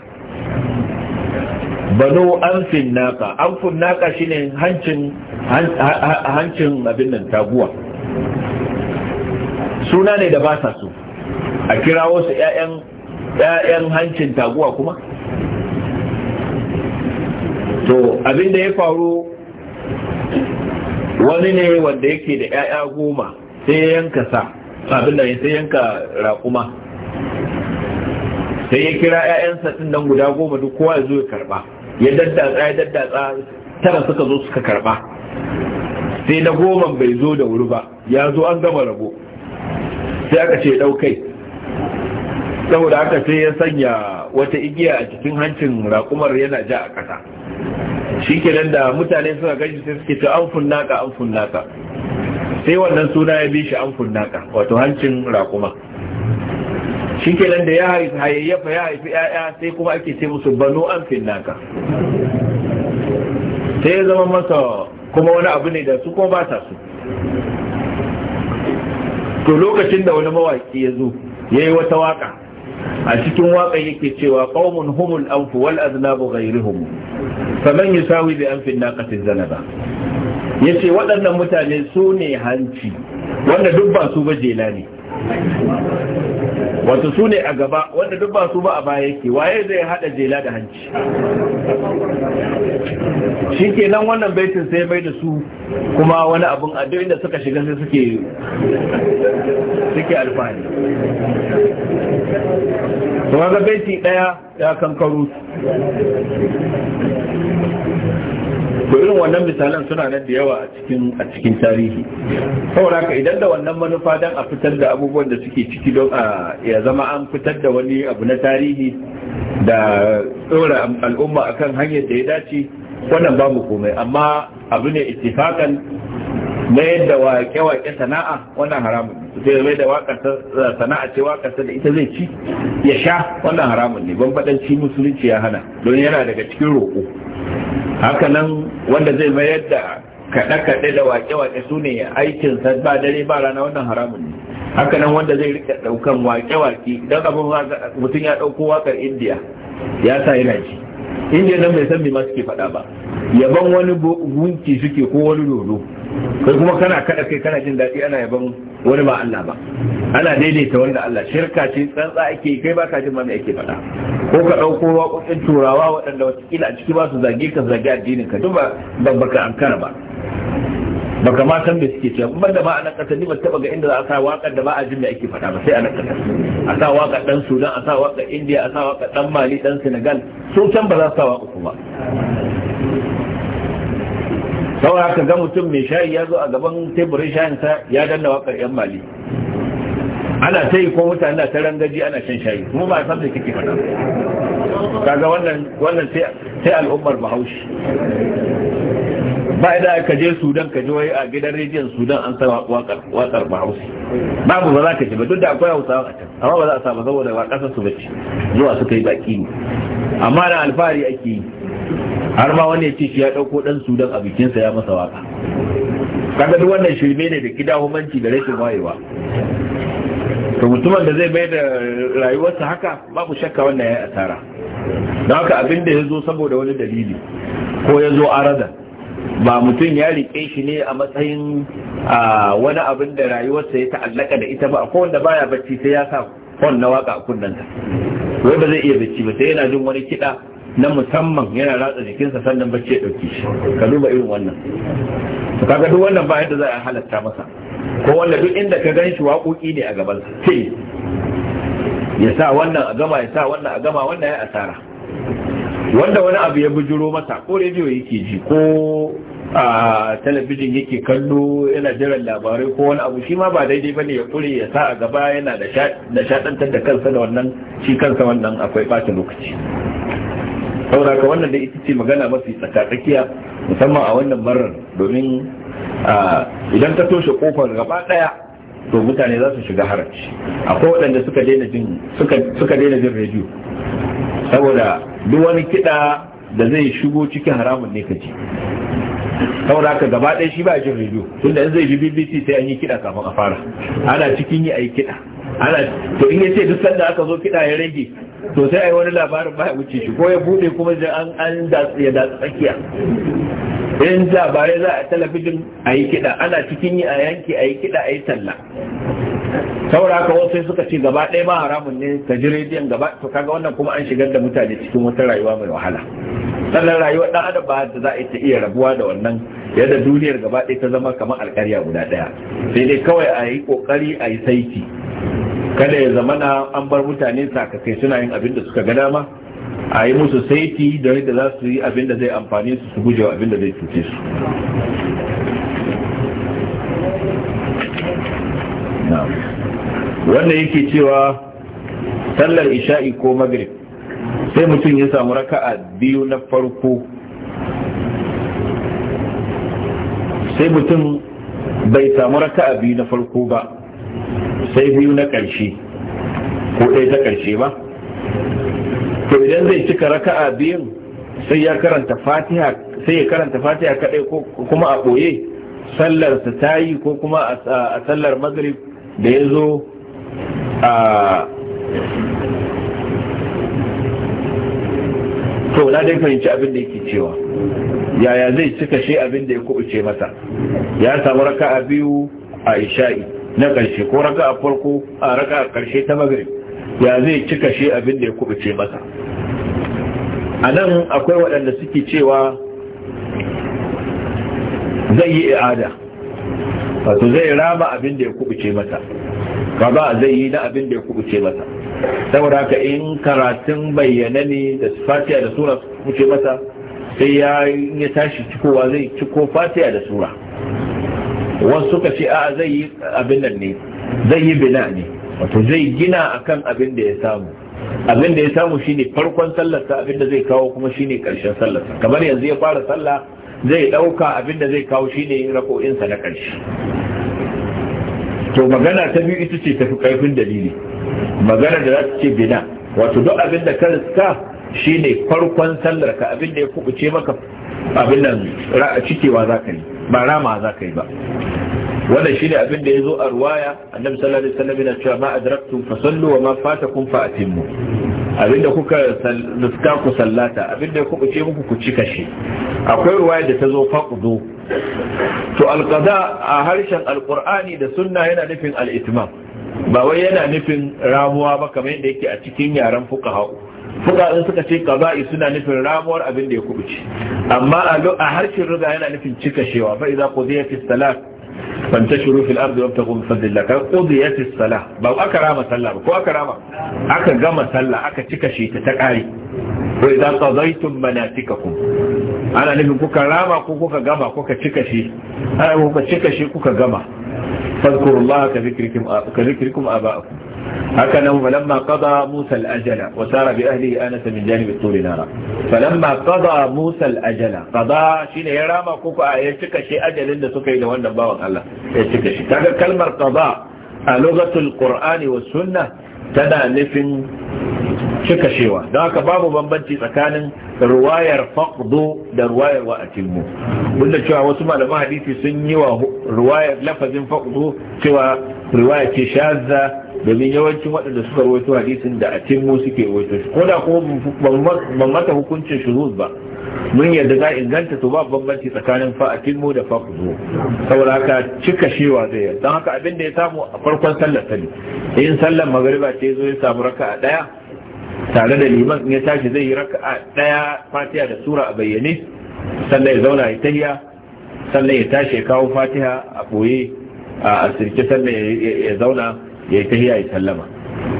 banu amfin naka amfin naka shine hancin hancin abin nan taguwa suna ne da ba sa so a kirawo su 'ya'yan 'ya'yan hancin taguwa kuma to abin da ya faru wani ne wanda yake da 'ya'ya goma sai ya yanka sa abin da sai yanka raƙuma sai ya kira 'ya'yansa satin nan guda goma duk kowa ya zo ya karɓa ya daddatsa ya daddatsa tara suka zo suka karɓa sai na goma bai zo da wuri ba ya zo an gama rabo sai aka ce ɗaukai saboda haka sai ya sanya wata igiya a cikin hancin raƙumar yana ja a ƙasa shi nan da mutane suka gaji sai suke ta an funnaka an funnaka sai wannan suna ya bi shi an funnaka wato hancin raƙuma shi nan da ya hayayyafa ya haifi ya'ya sai kuma ake ce musu banu an ka. sai ya zama masa kuma wani abu ne da su kuma ba ta su to lokacin da wani mawaƙi ya zo ya yi wata waƙa a cikin waƙa yake cewa qaumun humul anfu wal aznabu ghayruhum faman yusawi bi anfin naqati zanaba yace waɗannan mutane su ne hanci wanda duk ba su ba ne wato su ne a gaba wanda duk ba su ba a baya yake waye zai hada jela da hanci shi ke nan wannan baitin sai mai da su kuma wani abin addu inda suka shiga sai suke suke alfahari su ga baiti daya ya kankaro to irin wannan misalan suna nan da yawa a cikin tarihi saboda ka idan da wannan manufa don a fitar da abubuwan da suke ciki don a ya zama an fitar da wani abu na tarihi da tsora al'umma akan hanyar da ya dace wannan ba mu komai amma abu ne ittifakan na yadda waƙe-waƙe sana'a wannan haramun ne. sai zai da waƙarsa sana'a ce waƙarsa da ita zai ci ya sha wannan haramun ne Ban faɗanci musulunci ya hana don yana daga cikin roƙo Hakanan wanda zai mayar da kaɗe-kaɗe da waƙe-waƙe su ne sa ba dare ba rana wannan haramun ne haka nan wanda zai rika ɗaukan waƙe-waƙe don abin mutum ya ɗauko waƙar indiya ya sa yana ji indiya nan bai san me masu ke faɗa ba yaban wani gunki suke ko wani dodo kai kuma kana kada kai kana jin daɗi ana yaban wani ba Allah ba ana daidaita wanda Allah shirka ce tsantsa ake kai baka jin ma me ake faɗa ko ka ɗauko waƙoƙin turawa waɗanda wata a ciki ba su zage ka zage addinin ka duk ba ka ankara ba baka ma san me suke cewa kuma da ba a nan kasar ni ba taba ga inda za a sa waka da ba a jin me ake faɗa ba sai a nan kasar a sa waka dan Sudan a sa waka India a sa waka dan Mali dan Senegal su can ba za su sa waka kuma sau haka ga mutum mai shayi ya zo a gaban teburin sa ya danna wakar yan Mali ana ta yi ko mutane na ta gaji ana shan shayi kuma ba a san da kike fada kaga wannan wannan sai al'ummar bahaushe ba idan ka je sudan ka ji wai a gidan rediyon sudan an sa wakar wakar bahaushe babu ba za ka ba duk da akwai hausawa a can amma ba za a samu saboda ba kasar su bace zuwa suka yi baki ne amma da alfahari ake yi har ma wani ya ce shi ya dauko dan sudan a bikin sa ya masa waka kaga duk wannan shirme ne da gida humanci da rashin wayewa to mutumin da zai bai da rayuwarsa haka babu shakka wannan ya asara don haka abin da ya zo saboda wani dalili ko ya zo aradan ba mutum ya rike shi ne a matsayin wani abin da rayuwarsa ya ta'allaka da ita ba akwai wanda baya bacci sai ya sa kwan na waka a kunnanta wai ba zai iya bacci ba sai yana jin wani kiɗa na musamman yana ratsa jikinsa sannan bacci ya ɗauki shi ka duba irin wannan to kaga duk wannan ba yadda za a halatta masa ko wanda duk inda ka gan shi waƙoƙi ne a gaban sa ya sa wannan a gama ya sa wannan a gama wannan ya asara wanda wani abu ya bujuro masa ko rediyo yake ji ko a talabijin yake kallo yana jiran labarai ko wani abu shi ma ba daidai ba ne ya kure ya sa a gaba yana da shaɗantar da kansa da wannan shi kansa wannan akwai ɓata lokaci sauraka wannan da ita ce magana mafi tsakatsakiya musamman a wannan marar domin idan ta toshe kofar gaba ɗaya to mutane za su shiga haraci akwai waɗanda suka daina jin rediyo saboda duk wani kiɗa da zai shigo cikin haramun ne ka saboda haka gaba ɗaya shi ba jin rediyo tunda in zai ji bbc sai an yi kiɗa kafin a fara ana cikin yi a yi kiɗa ana to in ya ce duk sanda aka zo kiɗa ya rage to sai a yi wani labarin ba ya wuce shi ko ya buɗe kuma da an an ya datsa tsakiya in labarai za a talabijin a yi kiɗa ana cikin yi a yanki a yi kiɗa a yi talla saboda haka wasu suka ce gaba ɗaya ba haramun ne ta ji rediyon gaba to kaga wannan kuma an shigar da mutane cikin wata rayuwa mai wahala sannan rayuwar ɗan adam ba da za a ta iya rabuwa da wannan yadda duniyar gaba ɗaya ta zama kamar alƙarya guda ɗaya sai dai kawai a yi ƙoƙari a yi saiti kada ya zama na an bar mutane sakakai suna yin abin da suka ga dama a yi musu saiti da yadda za su yi abin da zai amfani su su guje abin da zai cuce su wannan yake cewa sallar isha'i ko magrib sai mutum ya samu raka'a biyu na farko sai mutum bai samu raka'a biyu na farko ba sai biyu na ƙarshe ko ɗaya ta ƙarshe ba to idan zai cika raka'a biyun sai ya karanta fatiha sai ya karanta fatiha kaɗai ko kuma a ɓoye sallarsa ta yi ko kuma a sallar magrib da ya zo a to na dai fahimci abin da yake cewa yaya zai cika shi abin da ya kubuce masa ya samu raka a biyu a isha'i na ƙarshe ko raka a farko a raka a ƙarshe ta magrib ya zai cika shi abin da ya kubuce masa a nan akwai waɗanda suke cewa zai yi i'ada wato zai raba abin da ya kubuce mata ba zai yi na abin da ya kubuce mata saboda haka in karatun bayyana ne da fatiha da sura kubuce mata sai ya yi tashi cikowa zai ciko fatiha da sura wasu suka ce a zai yi abin nan ne zai yi bina ne wato zai gina akan abin da ya samu abin da ya samu shine farkon sallarsa abin da zai kawo kuma shine karshen sallarsa kamar yanzu ya fara sallah zai ɗauka abinda zai kawo shi ne rako'insa na ƙarshe to magana ta biyu ita ce tafi ƙarfin dalili magana da za ta ce bina wato duk abinda ka riska shi ne farkon sallar ka abinda ya kubuce maka abin nan cikewa za ka yi ba rama za ka yi ba shi shine abin da zo a ruwaya annabi sallallahu alaihi wasallam yana cewa ma adraktum fasallu wa ma fatakum fa atimmu da kuka nuska ku sallata da ya kubuce muku ku cika shi akwai ruwaya da ta zo faqdu to alqada a harshen alqur'ani da sunna yana nufin al-itmam ba wai yana nufin ramuwa ba kamar yadda yake a cikin yaren fuqaha fuka in suka ce qaba'i suna nufin ramuwar abin da ya kubuce amma a harshen riga yana nufin cika shewa fa idza qudiyatis salat fantashiru fil ardi wabtaghu min fadlillah ka qudiyat as-salah ba aka rama sallah ba ko aka rama aka gama sallah aka cika shi ta kare ko idan qadaytum manatikakum ana nufin kuka rama ko kuka gama kuka cika shi ana kuka cika shi kuka gama fadhkurullaha ka zikrikum ka zikrikum aba'akum هكذا فلما قضى موسى الأجل وسار بأهله آنس من جانب الطول نارا فلما قضى موسى الأجل قضى شين يرام كوكا يشك شيء أجل إن سكي لو أن باوك الله يشك شيء كلمة قضاء لغة القرآن والسنة تنا نفن cika cewa don haka babu bambanci tsakanin ruwayar faqdu da ruwayar wa atimmu wanda cewa wasu malaman hadisi sun yi wa ruwayar lafazin faqdu cewa ruwaya ce shazza domin yawancin waɗanda suka rawaito hadisin da a timmu suke rawaito ko da kuma ban mata hukuncin shuhud ba mun yadda za inganta to ba bambanci tsakanin fa a timmu da fa kuzo saboda haka cika shewa zai don haka abin da ya samu a farkon sallar sani in sallar magariba ce zo ya samu raka a ɗaya tare da liman ya tashi zai yi raka a ɗaya fatiha da sura a bayyane sannan ya zauna ya tahiya sannan ya tashi ya kawo fatiha a ɓoye a asirce sannan ya zauna ya yi tahiya ya sallama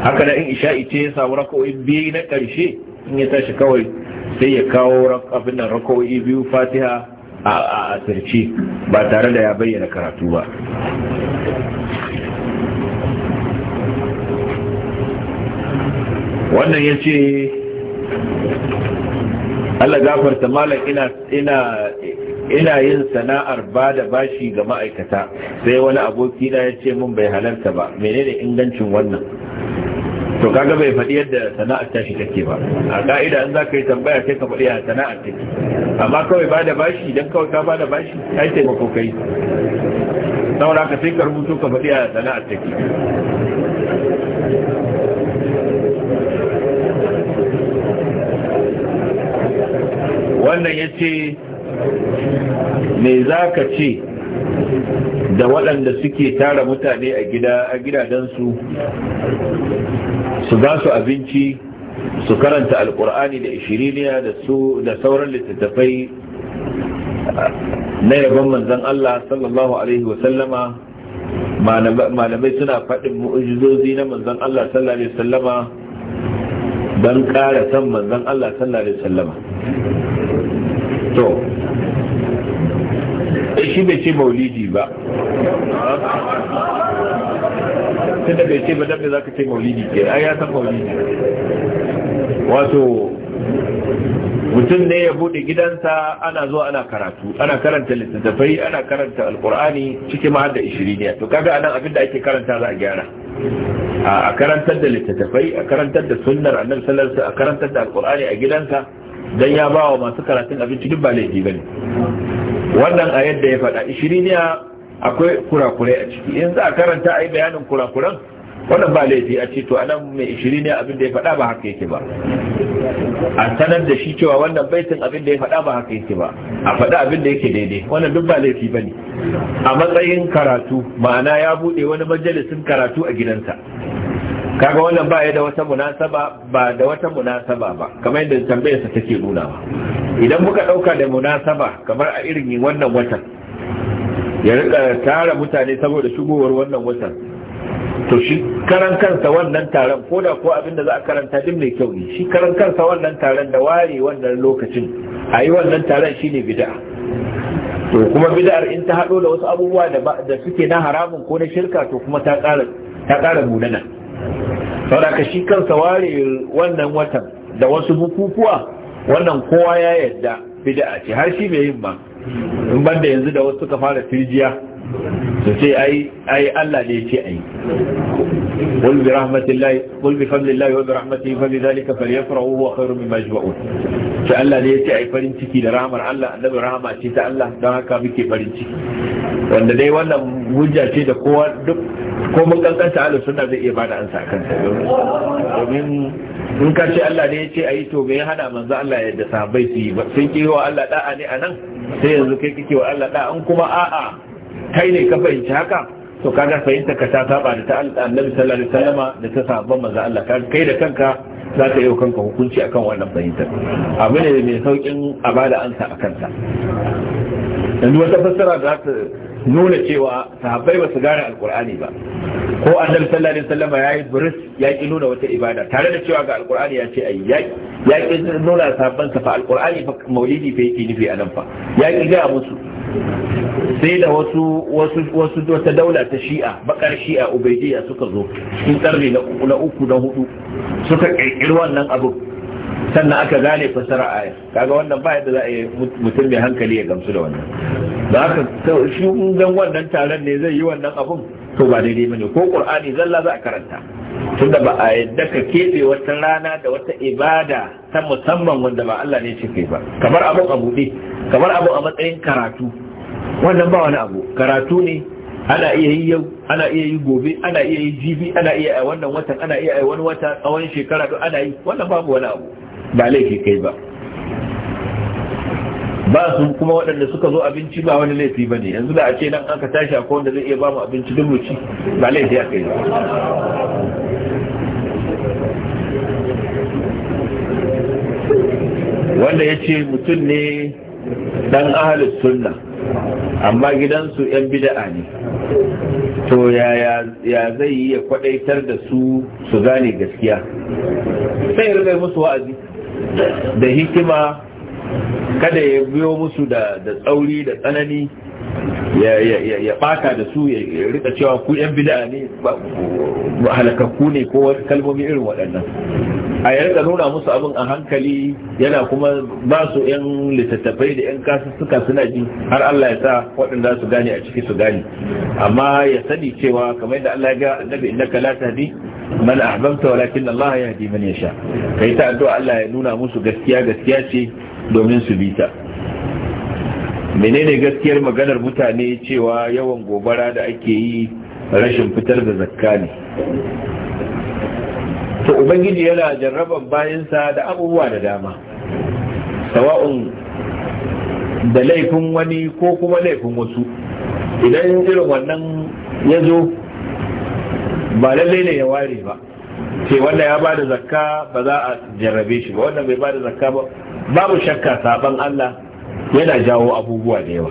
haka da in isha'i ce ya samu raka'o'i biyu na ƙarshe in ya tashi kawai sai ya kawo abin nan biyu fatiha a asirce ba tare da ya bayyana karatu ba wannan ya ce Allah gafarta malam ina ina yin sana'ar ba da bashi ga ma'aikata sai wani aboki ya ce mun bai halarta ba menene ingancin wannan to kaga bai faɗi yadda sana'ar tashi take ba a ka'ida in za ka yi tambaya sai ka faɗi a sana'ar take amma kawai ba da bashi don kawai ka ba da bashi ai taimako kai saboda ka sai ka rubuto ka faɗi a sana'ar take wannan ya ce me za ka ce da waɗanda suke tara mutane a gidajensu su ba su abinci su karanta alkur'ani da ishiriniya da sauran littattafai na yabon manzan Allah sallallahu Alaihi wasallama malamai suna faɗin mu'ujizozi na manzan Allah sallallahu Alaihi wasallama don ƙara san manzan Allah sallallahu Alaihi wasallama to shi bai ce maulidi ba tun da bai ce ba dabda za ka ce maulidi ke ai ya san maulidi wato mutum ne ya bude gidansa ana zuwa ana karatu ana karanta littattafai ana karanta alkur'ani cikin ma da ishiriniya to kaga anan abin da ake karanta za a gyara a karantar da littattafai a karantar da sunnar annabi sallallahu alaihi wasallam a karantar da alkur'ani a gidansa dan ya ba wa masu karatun abinci duk ba laifi bane wannan a yadda ya faɗa ishiriniya akwai kurakurai a ciki in za a karanta a yi bayanin kurakuran wannan ba laifi a ce to anan mai ishiriniya abin da ya faɗa ba haka yake ba a sanar da shi cewa wannan baitin abin da ya faɗa ba haka yake ba a faɗa abin da yake daidai wannan duk ba laifi ba ne a matsayin karatu ma'ana ya buɗe wani majalisin karatu a gidansa kaga wannan ba ya da wata munasaba ba da wata munasaba ba kamar yadda tambayar sa take nuna idan muka dauka da munasaba kamar a irin wannan watan ya rika tara mutane saboda shigowar wannan watan to shi karan kansa wannan taron ko da ko abinda za a karanta din mai kyau ne shi karan kansa wannan taron da ware wannan lokacin a yi wannan taron shine bid'a to kuma bid'ar in ta hado da wasu abubuwa da suke na haramun ko na shirka to kuma ta kara ta ƙara munana saboda shi kansa ware wannan watan da wasu bukukuwa wannan kowa ya yarda bid'a ce har shi bai yin ba in banda yanzu da wasu ka fara firjiya su ce ai ai Allah ne ce ai قل برحمة الله قل بفضل الله وبرحمته فبذلك فليفرحوا هو خير مما يجمعون Allah ne yace ai farin ciki da rahmar Allah annabi rahama ce ta Allah don haka muke farin ciki wanda dai wannan hujja ce da kowa duk ko mun kankanta Allah sunna zai iya bada ansa akan ta domin in ka ce Allah ne yace ai to me ya hada manzo Allah ya da sahabbai su yi ba. sun kiwo Allah da'a ne anan sai yanzu kai kike wa Allah da'a an kuma a'a kai ne ka fahimci haka to kaga fahimta ka ta saba da ta annabi sallallahu alaihi wasallama da ta sabon manzo Allah kai da kanka za ka yi wa kanka hukunci akan wannan fahimtar abu ne mai saukin a bada ansa a kansa yanzu wata fassara za ta nuna cewa sahabbai ba su gane alkur'ani ba ko annabi sallallahu alaihi wasallam yayi buris ya ki nuna wata ibada tare da cewa ga alkur'ani ya ce ayi ya ki nuna sahabban sa fa alkur'ani fa maulidi fa yake nufi nan fa ya ki ga musu sai da wasu wasu wasu wata daula ta shi'a bakar shi'a ubaidiyya suka zo sun karni na uku na hudu suka kirkiri wannan abu sannan aka gane fasara aya kaga wannan ba yadda za a yi mutum mai hankali ya gamsu da wannan da haka shi gan wannan taron ne zai yi wannan abun to ba daidai bane ko qur'ani zalla za a karanta tunda ba a yadda ka keɓe wata rana da wata ibada ta musamman wanda ba Allah ne ce ba kamar abun a buɗe kamar abun a matsayin karatu wannan ba wani abu karatu ne ana iya yi yau ana iya yi gobe ana iya yi jibi ana iya yi wannan watan ana iya yi wani wata tsawon shekara don ana yi wannan babu wani abu ba laifi kai ba ba su kuma waɗanda suka zo abinci ba wani laifi ba ne yanzu da a ce nan ka tashi akwai wanda zai iya ba mu abinci duk mu ci ba laifi kai yi wanda ya ce mutum ne dan ahalus sunna amma gidansu 'yan bida'a ne to ya zai yi ya kwadaitar da su su gane gaskiya sai ya musu wa'azi da hikima kada ya biyo musu da tsauri da tsanani ya bata da su ya rika cewa ku 'yan bida'a ne halakakku ne ko kalmomi irin waɗannan a yarda nuna musu abin a hankali yana kuma ba su yan littattafai da yan kasussuka suna ji har Allah ya sa waɗanda su gane a ciki su gane amma ya sani cewa kamar da Allah ya ga annabi innaka la tahdi man ahbabta walakin Allah yahdi man yasha kai ta addu'a Allah ya nuna musu gaskiya gaskiya ce domin su bi ta menene gaskiyar maganar mutane cewa yawan gobara da ake yi rashin fitar da zakka ne to ubangiji yana jarraban bayansa da abubuwa da dama sawa'un da laifin wani ko kuma laifin wasu idan irin wannan ya zo ba lallai ne ya ware ba ce wanda ya bada zakka ba za a jarrabe shi ba wanda bai bada zakka ba babu shakka saban Allah yana jawo abubuwa da yawa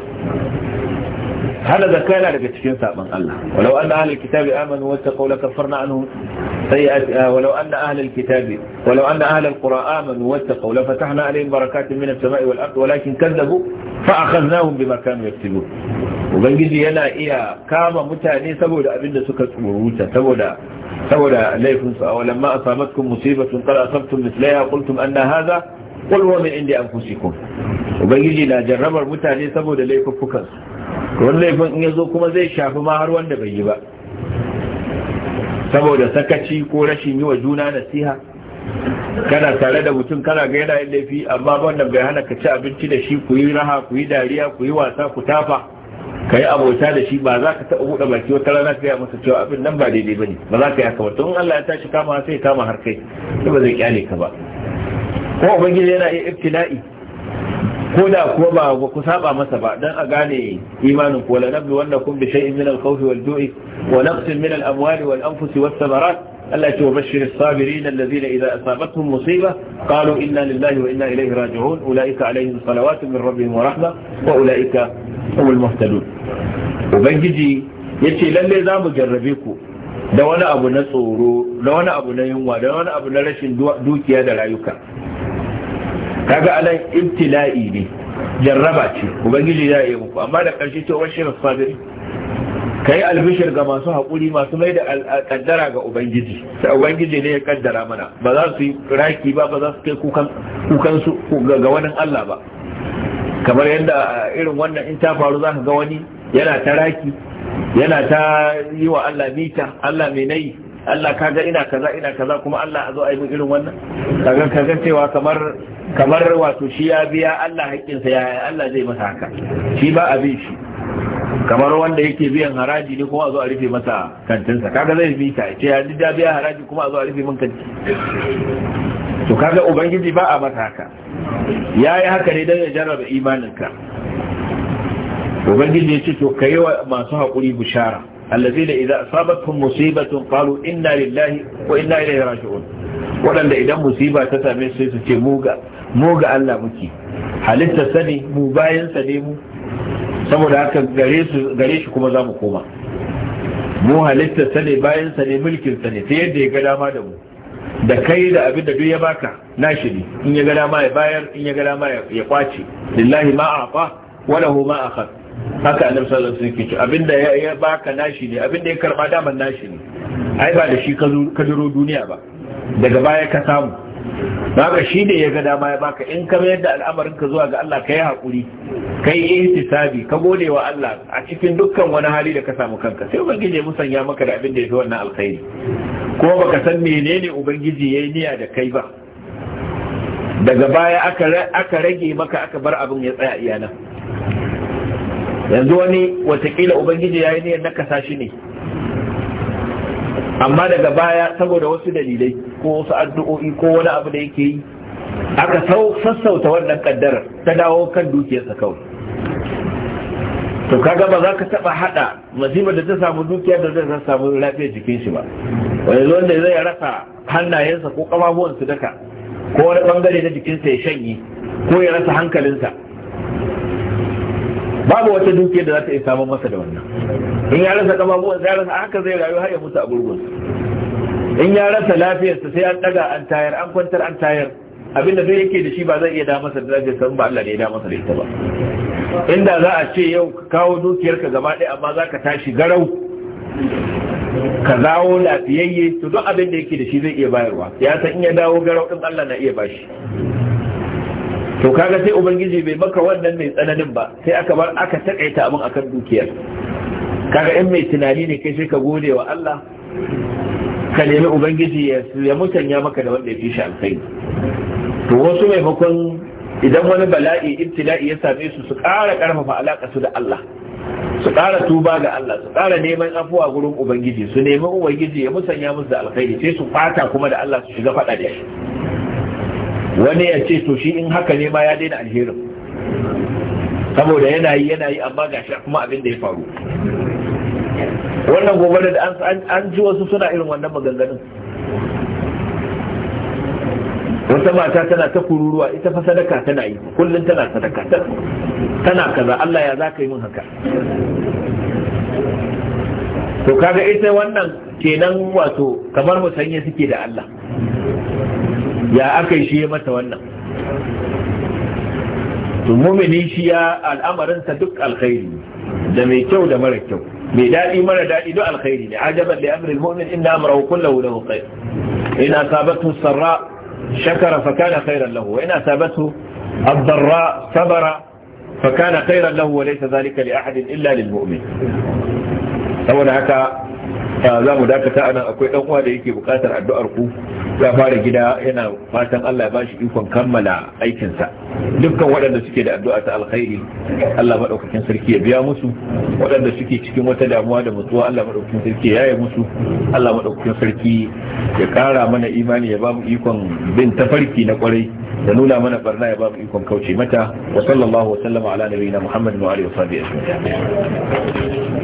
هذا ذكاء لا يتكين سابن الله ولو أن أهل الكتاب آمنوا واتقوا لكفرنا عنهم سيئة آه، ولو أن أهل الكتاب ولو أن أهل القرى آمنوا واتقوا لفتحنا عليهم بركات من السماء والأرض ولكن كذبوا فأخذناهم بما كانوا يكتبون وبنجد ينا إيا كاما متاني سبو دا أبن سكت مروتا سبو دا سبو دا ليفنس أولما أصامتكم مصيبة قل أصبتم مثلها قلتم أن هذا قل هو من عند أنفسكم وبنجد لا جرمر متاني سبو دا ليفنس wani laifin in ya zo kuma zai shafi ma har wanda bai yi ba saboda sakaci ko rashin yi wa juna nasiha kana tare da mutum kana ga yana laifi amma wannan bai hana ka ci abinci da shi ku yi raha ku yi dariya ku yi wasa ku tafa ka yi abota da shi ba za ka taɓa buɗe baki wata rana ka yi masa cewa abin nan ba daidai ba ne ba za ka yi haka ba tun Allah ya tashi kama sai kama har kai ba zai kyale ka ba ko ubangiji yana iya ibtila'i ko da kuma ba ku saba masa ba dan a gane imanin ku wala nablu wannakum bi shay'in min al-khawf wal-ju'i wa naqsin min al-amwali wal-anfusi was-samarat Allah ce wa bashirin sabirin allazina idza asabatuhum musiba qalu inna lillahi wa inna ilayhi raji'un ulaika alaihim salawatu min rabbihim wa rahma wa ulaika humul muhtadun ubangiji yace lalle zamu jarrabe ku da wani abu na tsoro da wani abu na yunwa da wani abu na rashin dukiya da rayuka kaga anan ibtila'i ne jarraba ce ubangiji ya yi muku amma da ƙarshe ce wa shirin sabiri kai albishir ga masu haƙuri masu mai da kaddara ga ubangiji sai ubangiji ne ya kaddara mana ba za su yi raki ba ba za su kai kukan su ga wani Allah ba kamar yadda irin wannan in ta faru za ka ga wani yana ta raki yana ta yi wa Allah mita Allah mai nayi Allah kaga ina kaza ina kaza kuma Allah a zo a yi irin wannan kaga kaga cewa kamar kamar wato shi ya biya Allah sa, ya Allah zai masa haka shi ba abin shi kamar wanda yake biyan haraji ne kuma a zo a rufe masa kantinsa kaga zai bi ta ce ya da biya haraji kuma a zo a rufe min kanti to kaga ubangiji ba a masa haka yayi haka ne dan ya jarraba imaninka ubangiji ya ce to kai wa masu haƙuri bishara الذين إذا أصابتهم مصيبة قالوا إنا لله وإنا إليه راجعون waɗanda idan musiba ta same su su ce mu ga Allah muke halitta sani mu bayan ne mu saboda haka gare kuma za mu koma mu halitta sani bayan sa ne ne ta yadda ya ga dama da mu da kai da abin da duk ya baka nashi ne in ya ga dama ya bayar in ya ga dama ya kwace lillahi ma a'ta wa lahu ma akhadha haka annabi sallallahu alaihi wasallam yake abinda ya baka nashi ne abinda ya karba daman nashi ne ai ba da shi ka duro duniya ba daga baya ka samu baka shi ne ya ga dama ya baka in ka bayar da al'amarin ka zuwa ga Allah ka hakuri ka yi ihtisabi ka gode wa Allah a cikin dukkan wani hali da ka samu kanka sai ubangiji ya musanya maka da abin ya fi wannan alkhairi ko baka san menene ubangiji yayi niyya da kai ba daga baya aka rage maka aka bar abin ya tsaya iyana yanzu wani watakila ubangiji ya yi niyan na kasa shi ne amma daga baya saboda wasu dalilai ko wasu addu'o'i ko wani abu da yake yi aka sassauta wannan kaddara ta dawo kan dukiyarsa kawai to kaga ba za ka taba hada masifar da ta samu dukiya da zai samu lafiyar jikin shi ba wani zuwan da zai rasa hannayensa ko kamabuwansu daka ko wani bangare na jikinsa ya shanye ko ya rasa hankalinsa babu wata dukiyar da za ta iya samun masa da wannan in ya rasa kafafuwan ya rasa haka zai rayu har ya mutu a gurgun in ya rasa lafiyarsa sai an daga an tayar an kwantar an tayar abinda zai yake da shi ba zai iya da masa da lafiyar san ba Allah ne ya da masa da ita ba inda za a ce yau ka kawo dukiyarka gaba ɗaya amma za ka tashi garau ka zawo lafiyayye to duk abin da yake da shi zai iya bayarwa ya san in ya dawo garau din Allah na iya bashi to kaga sai ubangiji bai maka wannan mai tsananin ba sai aka bar aka takaita abin akan dukiyar kaga in mai tunani ne kai sai ka gode wa Allah ka nemi ubangiji ya musanya maka da wanda ya fi shi to wasu maimakon idan wani bala'i ibtila'i ya same su su ƙara ƙarfafa alaƙa su da Allah su ƙara tuba ga Allah su ƙara neman afuwa gurin ubangiji su nemi ubangiji ya musanya musu da alkhairi sai su fata kuma da Allah su shiga faɗa da shi wani ya ce to shi in haka ne ma ya daina alherin saboda yana yi yana yi amma ga shi kuma abin da ya faru wannan gobe da an ji wasu suna irin wannan maganganun wata mata tana ta kururuwa ita fa sadaka tana yi kullum tana sadaka tana kaza Allah ya za ka yi min haka to kaga ita wannan kenan wato kamar musanye suke da Allah ya aka shi ya mata wannan to mumini shi ya al'amarinsa duk alkhairi da mai kyau da mara kyau mai daɗi mara daɗi duk alkhairi ne ajaban da amrul mu'min inna amrahu kullahu lahu khair ina sabatu sarra shakara fa kana khairan lahu ina sabatu abdarra sabara fa kana khairan lahu wa laysa dhalika li ahadin illa lil mu'min saboda haka za mu dakata ana akwai dan uwa da yake bukatar addu'ar ku ya fara gida yana fatan Allah ya bashi ikon kammala aikin sa dukkan waɗanda suke da addu'a ta alkhairi Allah madaukakin sarki ya biya musu waɗanda suke cikin wata damuwa da mutuwa Allah madaukakin sarki ya yi musu Allah madaukakin sarki ya kara mana imani ya ba mu ikon bin tafarki na kwarai da nuna mana barna ya ba mu ikon kauce mata wa sallallahu wa sallama ala nabiyina Muhammad wa alihi wa sahbihi